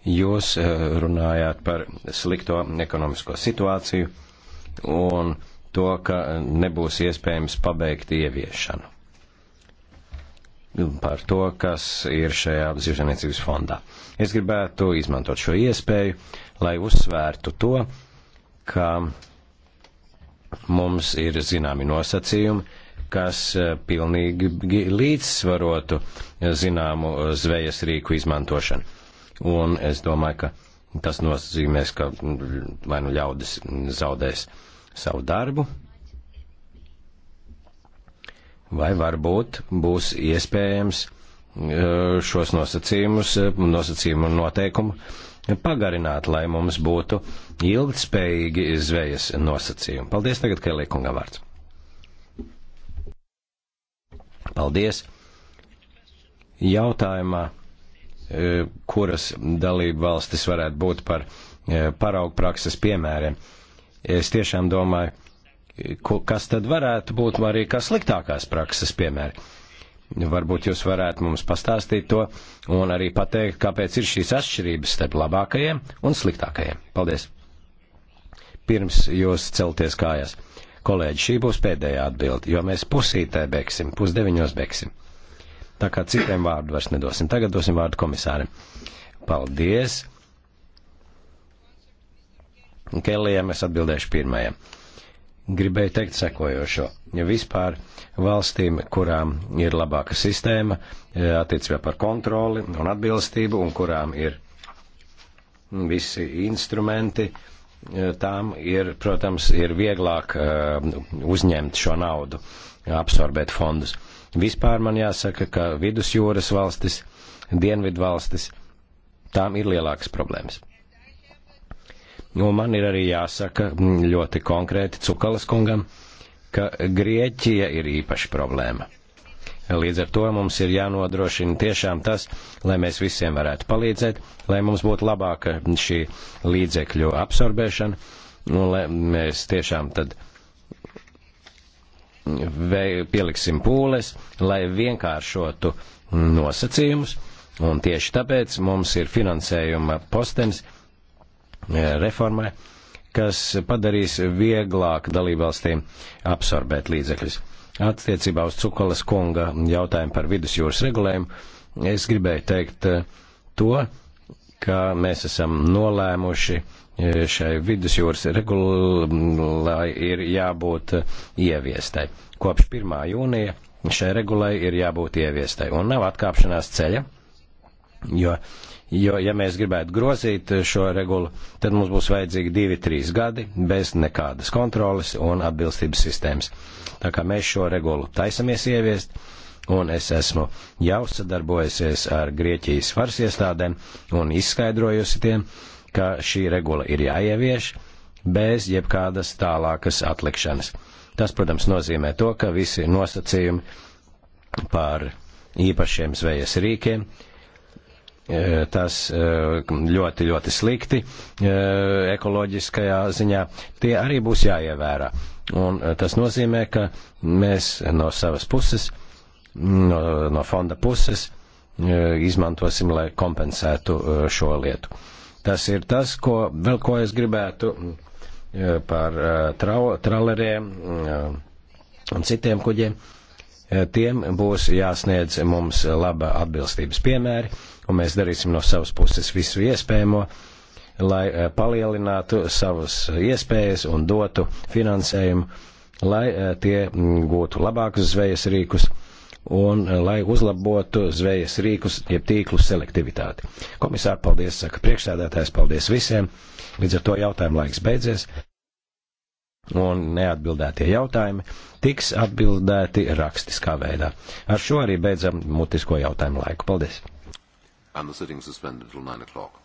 Jūs eh, runājāt par slikto ekonomisko situāciju un to, ka nebūs iespējams pabeigt ieviešanu. Par to, kas ir šajā zivsainiecības fondā. Es gribētu izmantot šo iespēju, lai uzsvērtu to, ka mums ir zināmi nosacījumi, kas eh, pilnīgi līdzsvarotu eh, zināmu zvejas rīku izmantošanu Un es domāju, ka tas nozīmēs, ka vai nu ļaudis zaudēs savu darbu, vai varbūt būs iespējams e, šos nosacījumus, nosacījumu un noteikumu pagarināt, lai mums būtu ilgtspējīgi zvejas nosacījumi. Paldies tagad, Kelī kunga vārds. Paldies! Jautājumā E, kuras dalību valstis varētu būt par e, paraugu prakses piemēriem. Es tiešām domāju, kas tad varētu būt arī kā sliktākās prakses piemēri. Varbūt jūs varētu mums pastāstīt to un arī pateikt, kāpēc ir šīs atšķirības starp labākajiem un sliktākajiem. Paldies! Pirms jūs celties kājās. Kolēģi, šī būs pēdējā atbilde, jo mēs pusītē beigsim, pusdeviņos beigsim. Tā kā citiem vārdu vairs nedosim. Tagad dosim vārdu komisārim. Paldies. Kelijam es atbildēšu pirmajam. Gribēju teikt sekojošo. Ja vispār valstīm, kurām ir labāka sistēma e, attiecībā par kontroli un atbilstību un kurām ir visi instrumenti, e, tām ir, protams, ir vieglāk e, uzņemt šo naudu, absorbēt fondus. Uh, Vispār man jāsaka, ka vidusjūras valstis, dienvidu valstis, tām ir lielākas problēmas. Un man ir arī jāsaka mm, ļoti konkrēti Cukalas kungam, ka Grieķija ir īpaša problēma. Līdz ar to mums ir jānodrošina tiešām tas, lai mēs visiem varētu palīdzēt, lai mums būtu labāka šī līdzekļu absorbēšana, un lai mēs tiešām tad pieliksim pūles, lai vienkāršotu nosacījumus, un tieši tāpēc mums ir finansējuma postenis e, reformai, kas padarīs vieglāk dalībvalstīm absorbēt līdzekļus. Attiecībā uz Cukolas kunga jautājumu par vidusjūras regulējumu, es gribēju teikt e, to, ka mēs esam nolēmuši šai vidusjūras regulai ir jābūt ieviestai. Kopš 1. jūnija šai regulai ir jābūt ieviestai un nav atkāpšanās ceļa, jo, jo ja mēs gribētu grozīt šo regulu, tad mums būs vajadzīgi 2-3 gadi bez nekādas kontroles un atbilstības sistēmas. Tā kā mēs šo regulu taisamies ieviest, un es esmu jau sadarbojusies ar Grieķijas varas iestādēm un izskaidrojusi tiem, ka šī regula ir jāievieš bez jebkādas tālākas atlikšanas. Tas, protams, nozīmē to, ka visi nosacījumi par īpašiem zvejas rīkiem, e, tas e, ļoti, ļoti slikti e, ekoloģiskajā ziņā, tie arī būs jāievērā. Un tas nozīmē, ka mēs no savas puses, no, no fonda puses, izmantosim, lai kompensētu šo lietu. Tas ir tas, ko, vēl ko es gribētu mm, e, par e, trau, traleriem mm, e, un citiem kuģiem. Tiem būs jāsniedz mums laba atbilstības piemēri, un mēs darīsim no savas puses visu iespējamo, lai palielinātu savas iespējas un dotu finansējumu, lai tie mm, gūtu labākus zvejas rīkus un eh, lai uzlabotu zvejas rīkus, jeb tīklu selektivitāti. Komisāri, paldies, saka priekšsēdētājs, paldies visiem. Līdz ar to jautājumu laiks beidzies. Un neatbildētie jautājumi tiks atbildēti rakstiskā veidā. Ar šo arī beidzam mutisko jautājumu laiku. Paldies! And the sitting suspended till 9 o'clock.